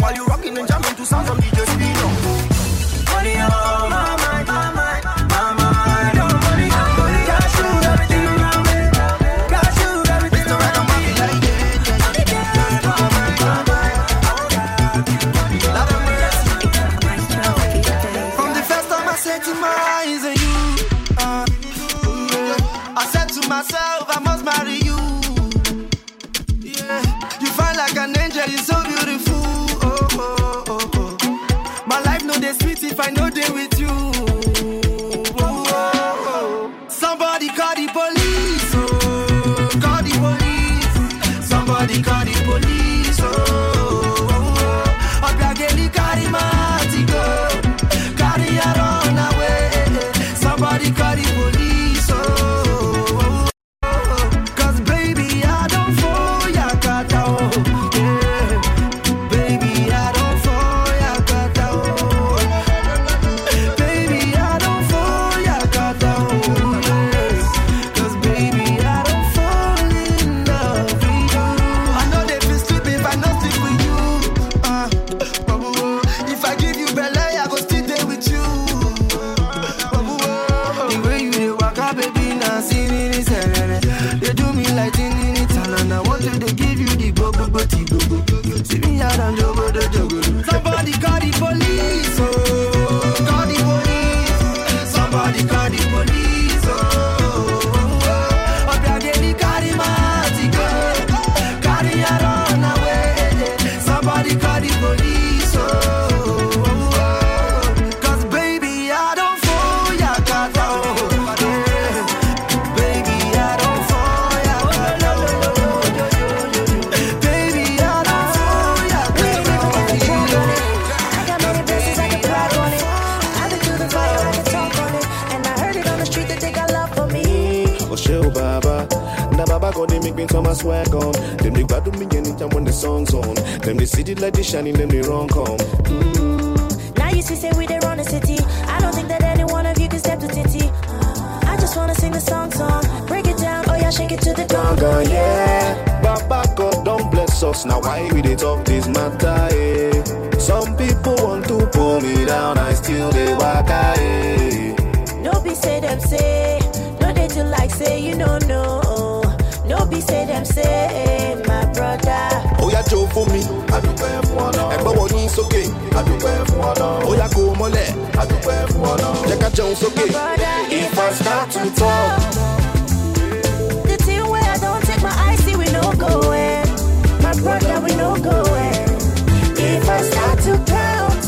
swag on. Them they battle me anytime when the song's on. Them they see the light, they shining, them they run come. Mm. Now you see, say we they run the city. I don't think that any one of you can step to titty. I just wanna sing the song, song. Break it down, oh yeah, shake it to the dog, yeah. Baba God, don't bless us. Now why we they talk this matter, eh? Some people want to pull me down, I still they walk, eh? No be say them say, no they do like say you don't know be say them say my brother. Ó yá jó fún mi. Adúpẹ́ fún ọ̀nà. Ẹ̀gbọ́n wọ yín sókè. Adúpẹ́ fún ọ̀nà. Ó yá kó mọ́lẹ̀. Adúpẹ́ fún ọ̀nà. Jẹ́ ká if I start to talk. The thing where I don't take my eyes see we no go My brother we no go If I start to count.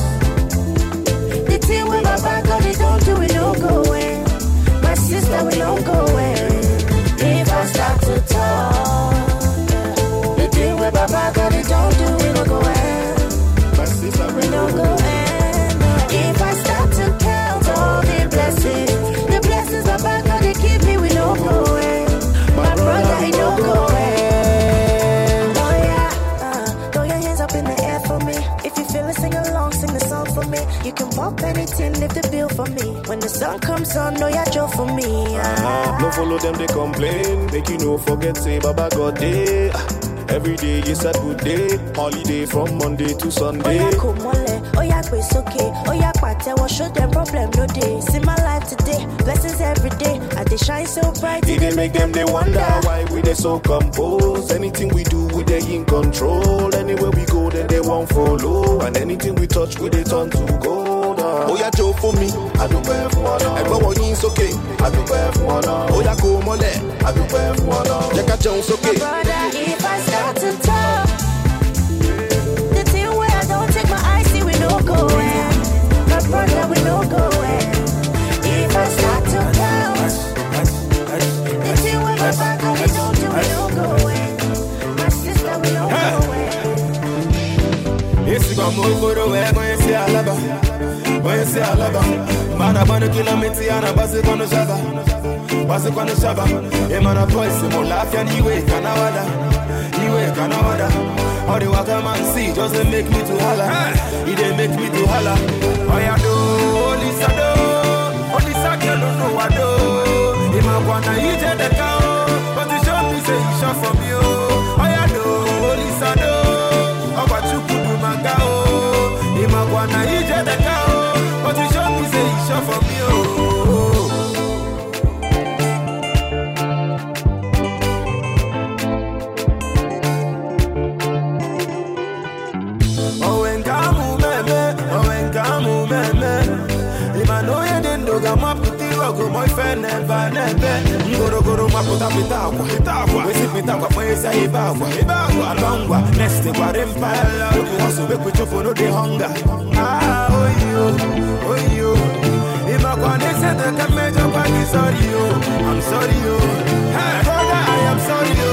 The thing where my back God they don't we no go eh. My sister we no go eh. If I start to papa, got it don't do, it don't go in. My sister, we, we don't go in. If I start to count all the blessings, the blessings papa, cause they keep me, we don't My, brother, brother, he don't go in. Oh yeah, uh, throw your hands up in the air for me. If you feel it, sing along, sing the song for me. You can bump anything, lift the bill for me. When the sun comes on, know your joy for me. uh No follow them, they complain. Make you no forget, say Baba God day. Eh. Every day is a good day. Holiday from Monday to Sunday. Oya komole, oya kwesoke, oya kwate, patewo. Show them problem no day. See my life today, blessings every day. I they shine so bright, it they make them they wonder why we they so composed. Anything we do, we they in control. Anywhere we go, then they won't follow. And anything we touch, we they turn to gold ó oh, I jó fún mi àdúpẹ́ fún ọlọ́run ẹ̀gbọ́wọ́ yín sókè àdúpẹ́ fún ọlọ́run ó yá kó mọ́lẹ̀ àdúpẹ́ fún ọlọ́run Brother, we no go away. If I start to tell, the thing with my If I do we no go away. My sister, we no go away. It's gonna move for the way, I'm gonna when you say I love her, man, I want to kill a miti and I basi kono shaba. Basi kono shaba. A man of voice, mo laugh and iwe kanawada. Iwe Wada. All the walk a man see just they make me to holla. he It not make me to holla. Oh yeah, do, only sado. Only do no, no, I do. Ima wanna tell the never never ngorogoro mapụtapụta akwa wesipụta akwa kpesa ibe agwa alọ ngwa nest gwara mpala osobekpuchufuno dị honga oyo ah, oyo ịmakwa na-eseta ka mmejọkwa sorry yo I'm sorry yo hey brother I am sorry yo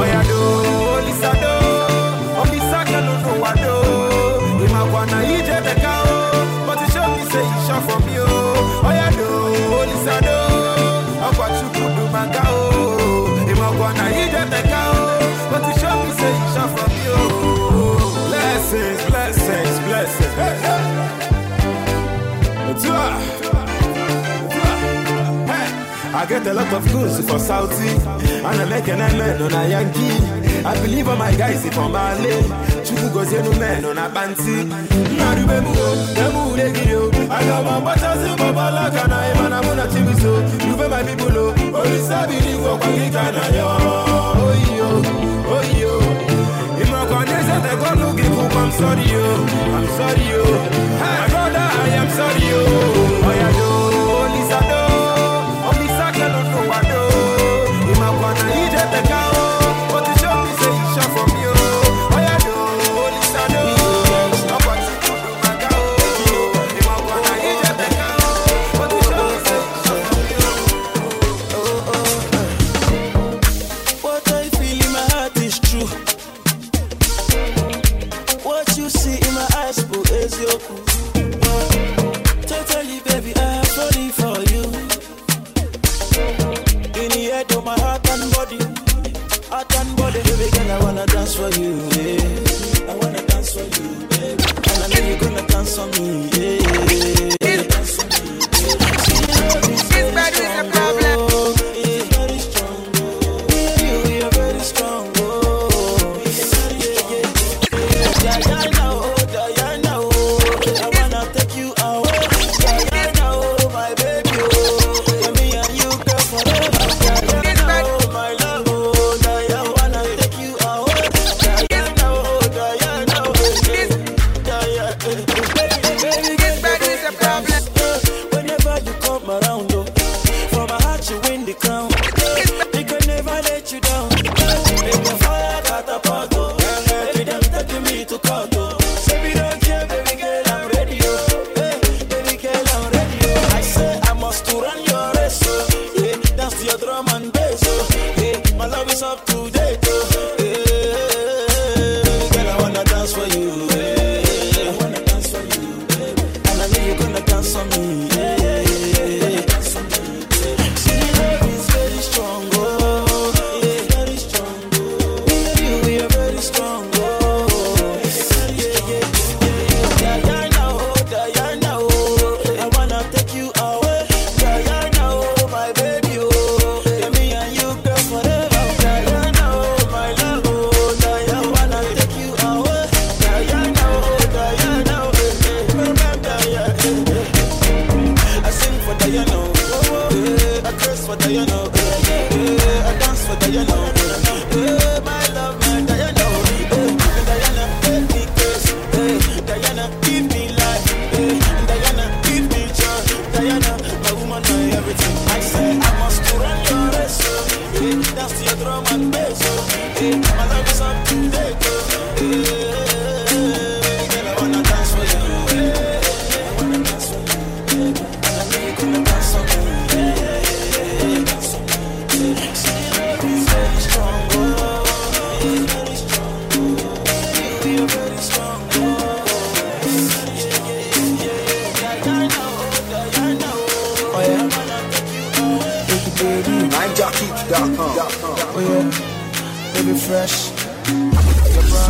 oya I get a lot of goals for Saudi. And I make an amen on a Yankee. I believe all my guys if I'm Malay. Chuku goes in men on a Banti. Nadu Bemu, Bemu I got my butters in Babala Kana, and I'm on a Chimiso. You be my people, only oh. oh, Sabi, you walk on Kana. Oh, yo, oh, yo. In my condition, I got no give I'm sorry, yo. I'm sorry, yo. My brother, I am sorry, yo. Oh yeah, baby fresh.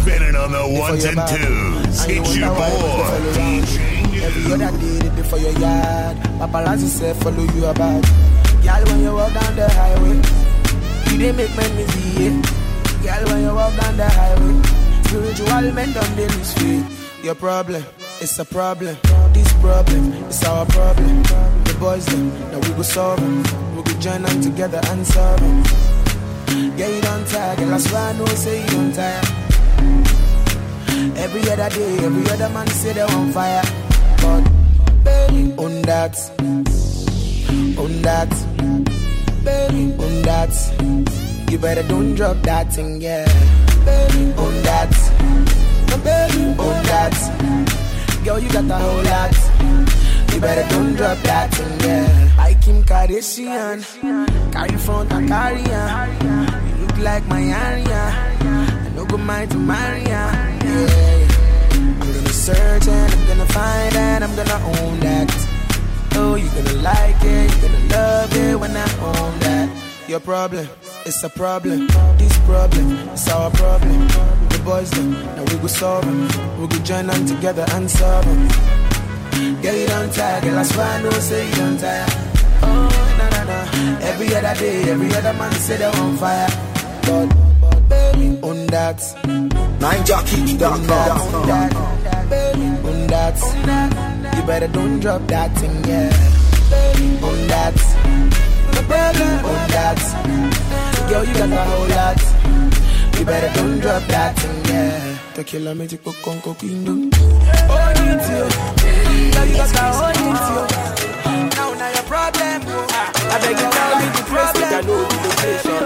Spinning on the ones and twos. It's your boy, DJ. Every other day, before day for your yard. Paparazzi said follow you about. Girl, when you walk down the highway, you didn't make men busy. Girl, when you walk down the highway, spiritual men don't they lose faith. Your problem, it's a problem. This problem, it's our problem boys them. Now we go solve them. We go join them together and solve them. Get it on tag, and I swear I know say you on tire. Every other day, every other man say they on fire. But baby, on that, on that, baby, on that. You better don't drop that thing, yeah. Baby, on that, baby, on that. Girl, you got the whole lot. You better don't drop that thing, yeah. Like Kim Kardashian, carry front and carry on. You look like my aria. I no go mind to marry yeah. I'm gonna search and I'm gonna find and I'm gonna own that. Oh, you're gonna like it, you're gonna love it when I own that. Your problem, it's a problem. This problem, it's our problem. The boys, them, now we go solve them. We go join them together and solve them. Girl, you don't tire, girl, I swear no say you don't tire. Oh, na na na. Every other day, every other man say they're on fire. But, but baby, on that. Nine jockey, down, down, down. Baby, on that. You better don't drop that thing, yeah. Baby, on that. The problem on that. Girl, you got a whole lot. You better don't drop that thing, yeah. Tequila, magic, pop, conco, quindo. Oh, need you girl, you got hold it, Now, now your problem, I beg you, tell me the I know the location.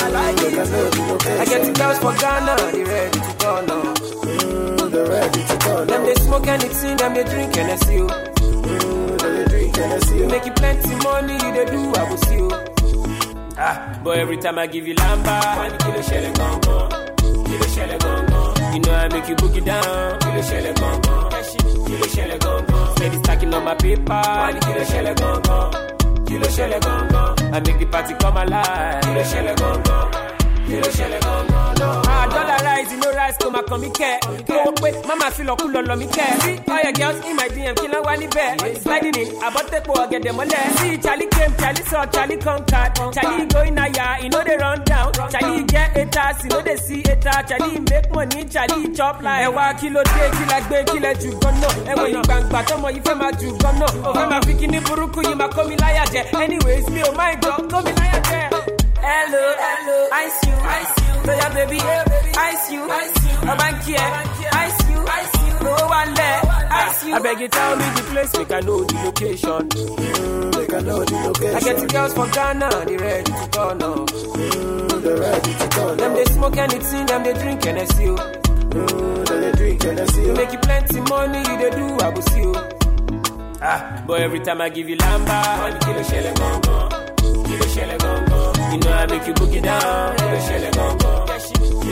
I like it, I know the location. I get it for Ghana, they ready to go now. Mm, they ready to go now. Them they smoke anything, them they drink them mm, they drink Make you plenty money, they do, I will see you. Ah, but every time I give you lamba, one kilo shell gone gone, kilo shell You know I make you boogie down, kilo shell gone gone, kilo shell gone Baby stacking on my paper. Wani kí ló ṣẹlẹ̀ gangan? Kí ló ṣẹlẹ̀ gangan? I make the party come alive. Kilo ló ṣẹlẹ̀ gangan? ọkàn mi kẹ́ lówó pé mama fi lọ́kù lọ lọ mi kẹ́ sí all your girls in my DM kí lọ́n wá níbẹ̀ sliding in àbọ̀tẹ́pọ̀ ọ̀gẹ̀dẹ̀ mọ́lẹ̀ sí Charlie came Charlie saw Charlie conquered Charlie going higher he no dey run down Charlie get haters he no dey see hater Charlie make money Charlie chop life. like. ẹ̀wá kí ló dé kí la gbé kí lẹ jù gan náà ẹ̀wọ̀n ìgbàǹgbà tọmọ yìí fẹ́ máa jù gan náà ó fẹ́ máa fi kíní burúkú yìí máa kó mi láyà jẹ anyways mi ò máa jọ kó mi láyà jẹ. hello hello ice you ice you lọ́yà baby ice you ice you. Obankie, ice you, ice you, no one there, ice you. I beg you tell me the place, make I know the location. Mm, make I know the location. I get the girls from Ghana, they ready to turn up. Mm, they ready to turn up. Them they smoke and in them they drink Hennessy. Mm, them they drink it's You make you plenty money, you they do, I will see you. Ah, boy, every time I give you lamba, kilo shele gongo, kilo shele gongo. You know I make you boogie down, kilo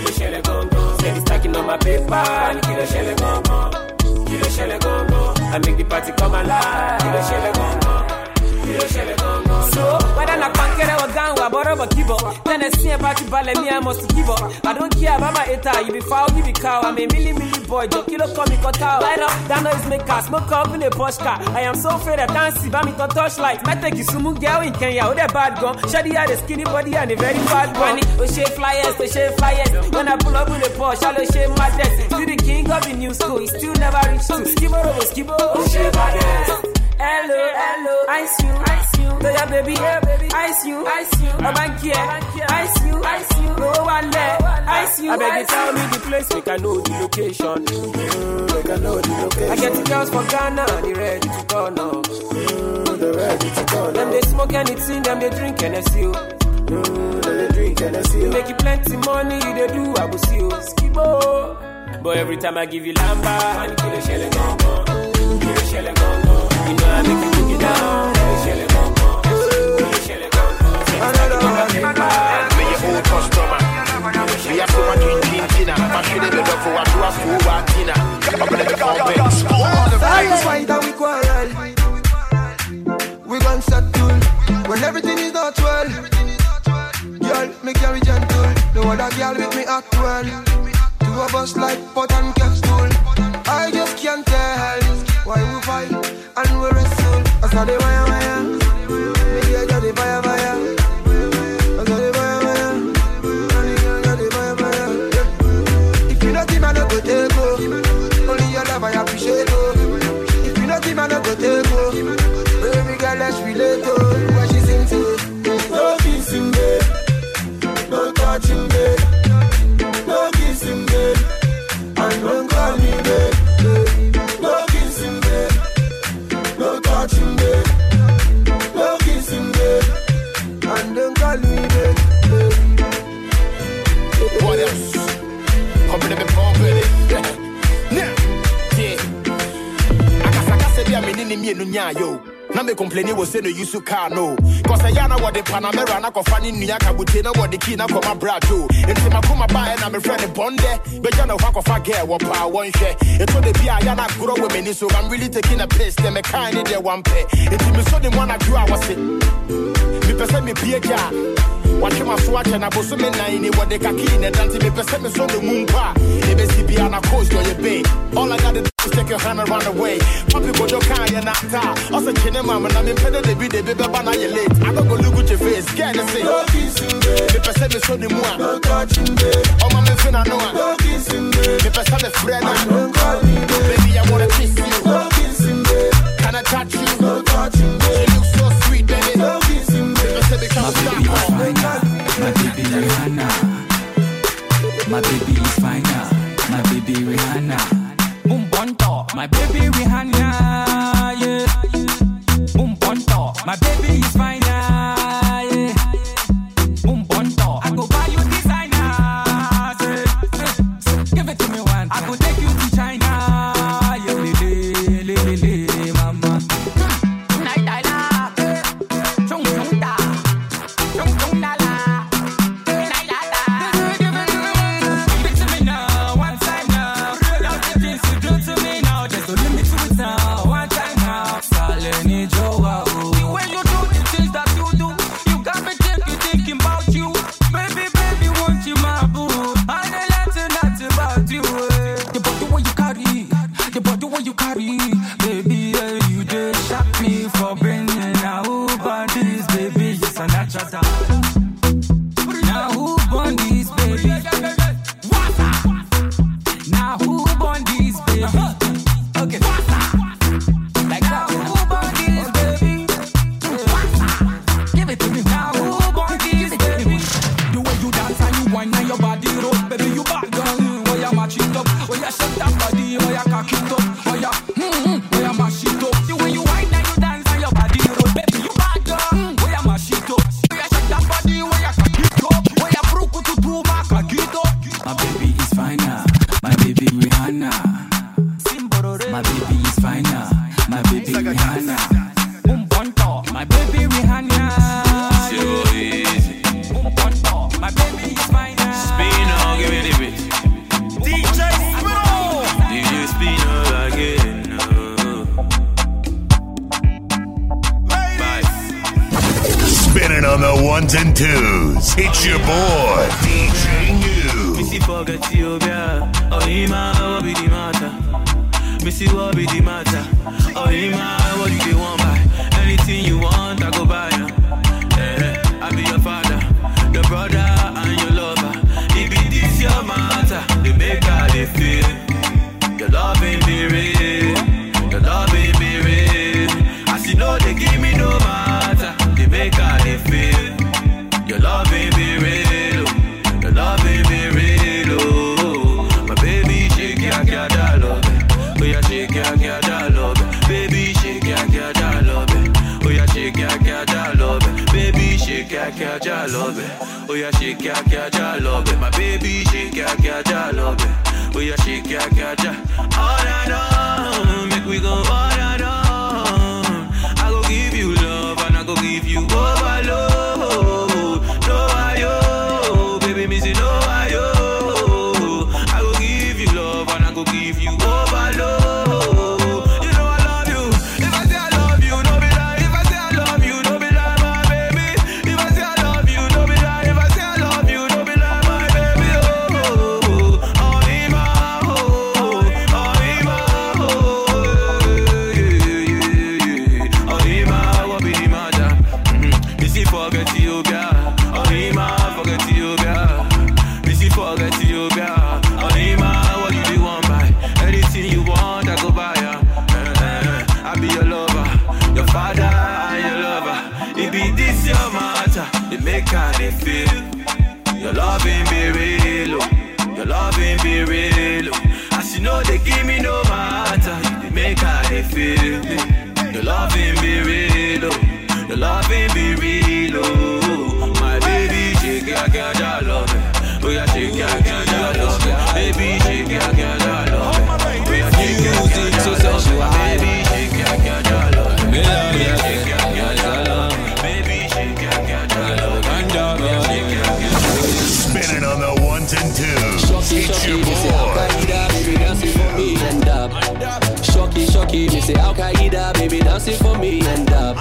Kilo ló gongo, gangan. steady stacking on my paper Kilo kí gongo, kilo gangan. gongo, I make the party come alive kí ló ṣẹlẹ̀ so, whether na pankere or gangwa, give kibo, then I see about party bale me, I must give up. I don't care about my eta, you be foul, you be cow. I'm a milli milli boy, jokilo call me kota. Light up, that noise maker, smoke up in a posh car. I am so afraid I can't see, but me to touch light. My take is sumu girl in Kenya, with a bad gun. Shady had a skinny body and a very bad bunny. Oshe flyers, Oshe flyers. When I pull up in a Porsche, I'll my desk. You the king of the new school, he still never reached to. oh Skibo, my badness hello, hello, ice you, ice you, yeah, baby, yeah, ice you, ice you, I bank here, ice you, ice you, no one there, ice you. I beg you tell me the place, make I know the location. Make I know the location. I get the girls from Ghana, they ready to go now. Mm, they ready to go now. Them they smoke anything, them mm, they drink NSU. Mm, they drink NSU. Make you plenty money, you they do, I will see you. Skibo. But every time I give you lamba, I kill a shell and gong gong, kill a shell and gong gonna settle when everything is not well. Girl, me gentle. No other girl with me act well. Two of us like pot and capsule. I just can't tell. Why we fight and we wrestle? As I the wire. complain was saying you su car no. Cause I yana what the Panamera na kofani niya kabutena what the kina koma brato. It's my kuma by and I'm a friend bonde. But you know how far girl what power one share. It's all the be I yana grow women so I'm really taking a piss. Them a kind in their one pair. It's me so the one I grew I was it. Me person me be a jar. Watch my swatch and I was so many what they kaki and dancing me person me so the moon pa. They be see be an a coach or your bay. All I got is take your hand run away. Papi go your car, you're not Also, chinny mama, I'm in pedal, they be the baby, now you're late. I don't go look at your face, get it, say. No kissing, babe. Me person me so the moa. No touching, babe. Oh, mama, fin I know. No kissing, babe. Me friend. Baby, I wanna kiss you. No kissing, babe. Can I touch you? No touching, babe. You look so sweet, baby. No kissing, babe. Me person me come stop. My baby, Rihanna. My baby is fine now. My baby Rihanna. My baby Rihanna, yeah. Boom, bonto. My baby is fine. Loving be real, oh. My baby, shake your ganja love it. Oh yeah, shake your ganja love it. Baby, shake your ganja love it. Oh yeah, shake your ganja love it. Baby, shake your ganja love it. Oh, baby, shake your ganja love it. Baby, shake your ganja love it. Ganja love it. Spinning on the ones and twos. It's your boy. Shocky, shocky, me say Al Qaeda, baby dancing for me End up.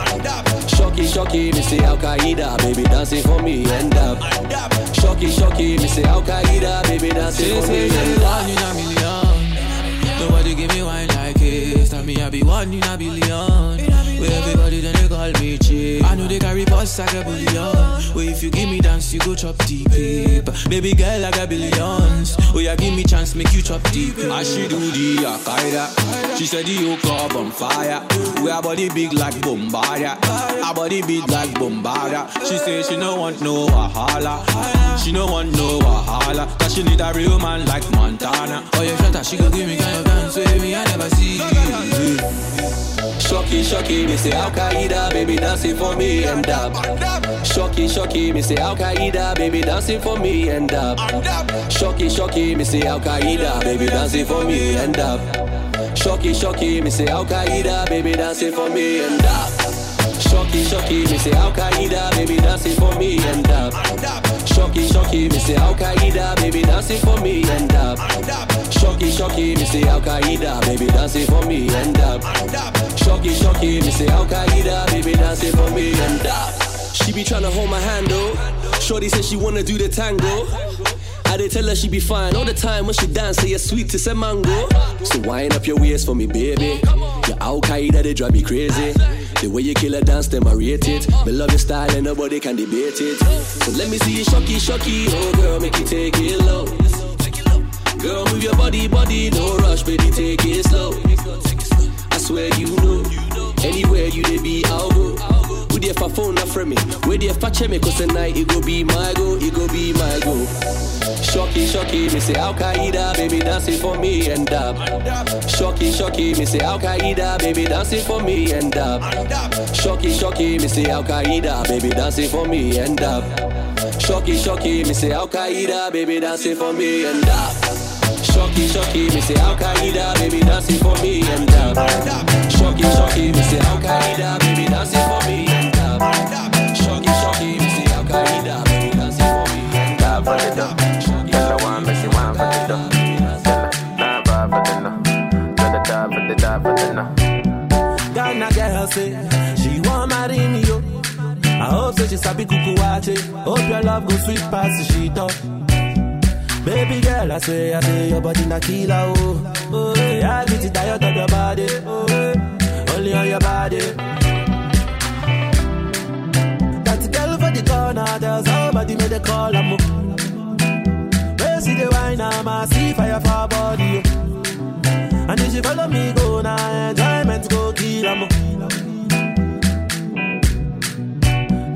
Shocky, me say Al Qaeda, baby dancing for me, end up. Shocky, shocky, me say Al Qaeda, baby dancing for me, end up. One in a million, nobody give me wine like this. Tell me I be one in a billion. Where everybody then they call me cheap. I know they carry boss, like a bullion. Well, if you give me dance, you go chop deep. Baby girl, like a billions. Oh, yeah, give me chance, make you chop deep. I she do the Akaida. She said the yoke up on fire. We are body big like Bombardia. Our body big like Bombardia. She say she no want no wahala. She no want no wahala. Cause she need a real man like Montana. Oh, yeah, shut up, she go give me kind of dance. With me, I never see. Shocky, shocky, say Al Qaeda, baby dancing for me and up. Shocky, shocky, me say Al Qaeda, baby dancing for me and up. Shocky, shocky, me say Al Qaeda, baby dancing for me and up. Shocky, shocky, me say Al Qaeda, baby dancing for me and up. Shocky, shocky, me say Al Qaeda, baby dancing for me end up. Shocky, shocky, me say Al Qaeda, baby dancing for me end up. Shocky, shocky, me say Al Qaeda, baby dancing for me end up. Shocky, shocky, me say Al Qaeda, baby dancing for me end up. She be tryna hold my hand though. Shorty said she wanna do the tango. I did tell her she be fine all the time when she dance. Say you're sweet to say mango. So wind up your waist for me, baby. Your Al Qaeda they drive me crazy. The way you kill a dance, them I it. Me love your style and nobody can debate it. So let me see you shocky, shocky. Oh girl, make it take it low. Girl, move your body, body, no rush, baby, take it slow. I swear you know, anywhere you they be, I'll go. Who there for phone not from me? Where for check me? Cause tonight it go be my go, it go be my go. Shocky, shocky, me say Al Qaeda, baby dancing for me and dab. Shocky, shocky, me say Al Qaeda, baby dancing for me and dab. Shocky, shocky, me say Al Qaeda, baby dancing for me and dab. Shocky, shocky, me say Al Qaeda, baby dancing for me and dab. Shocky, shocky, me say Al Qaeda, baby dancing for me and up. Shocky, shocky, me say Al Qaeda, baby sweet past she talk. Oh. Baby girl, I say, I say, your body na killer, oh. Oh, yeah, I get it tired of your body, oh. Only on your body. That girl for the corner, there's somebody made a call, I'm up. Where see the wine, I'm a see fire for body, oh. And if you follow me, go now, enjoyment go kill, I'm up.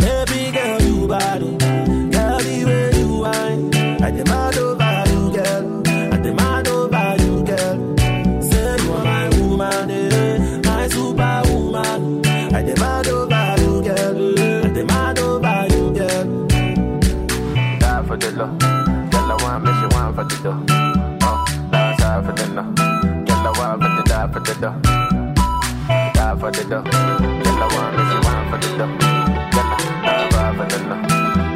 Baby girl, you bad, oh. Oh, for the dough. Uh, for the no. Get the wild for the die for the dough. Die for the dough. Get the one is the one for the dough. Get the die for the no.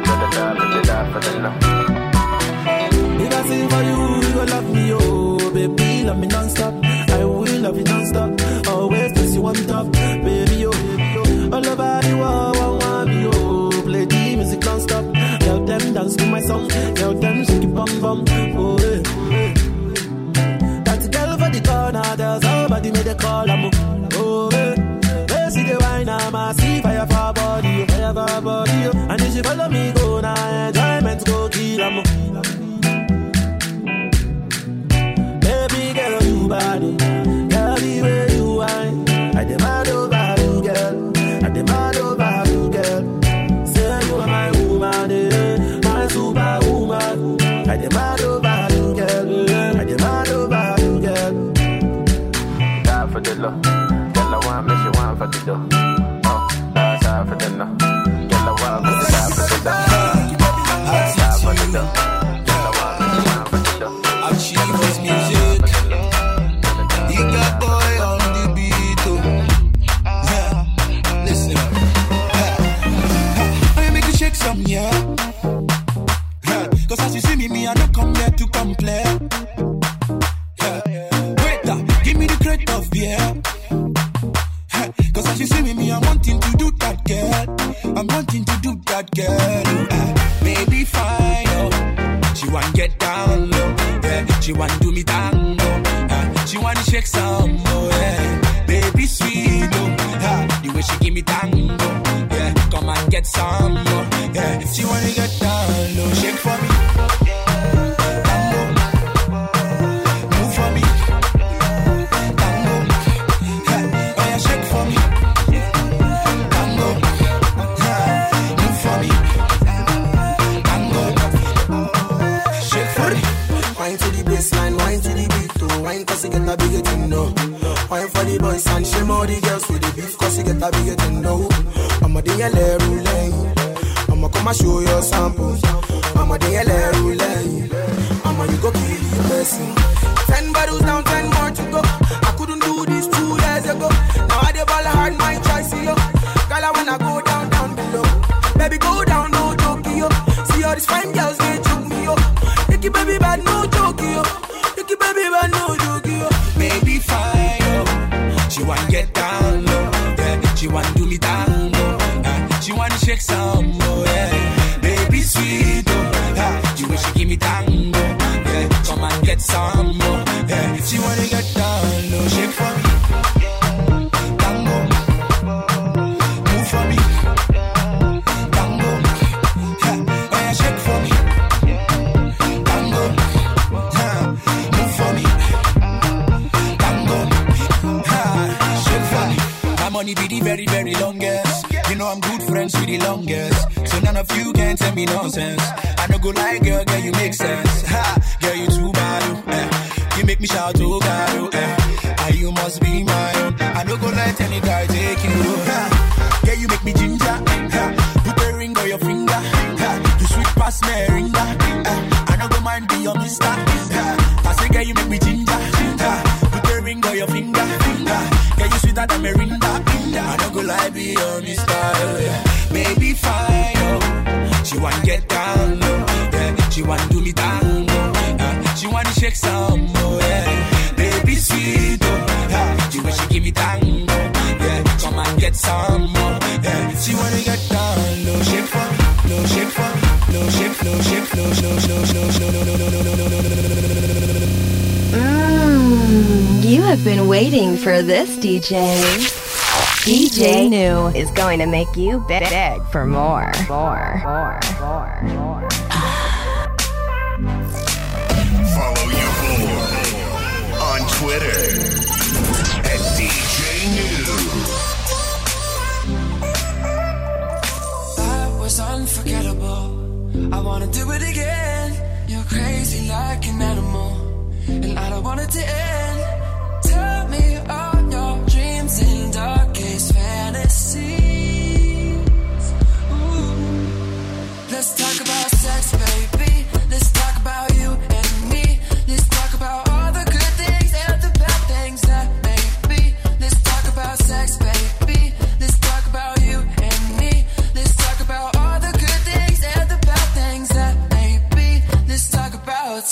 Get the die for the die for the no. If I sing for you, you gon' love me, oh baby, love me non-stop. I will love you non-stop. from people. Eh. That girl for the corner, there's somebody made a call. I'm oh, eh. They see the wine, I'm a see fire for body, fire for body. And if she follow me, go now, enjoyment go kill. I'm Baby girl, you body. I'm wanting to do that, girl. Uh, oh, ah, baby, fine. Oh. She want get down low. Oh, yeah. She want do me down low. Uh, ah. she want shake some more. Oh, yeah. Baby, sweet. Oh. Uh, the way she give me low. Yeah. Come and get some more. Yeah. She want to get down low. Shake for me. this DJ. DJ New is going to make you beg for more. More, more, more, more. Follow your boy on Twitter at DJ New. That was unforgettable. I want to do it again. You're crazy like an animal, and I don't want it to end.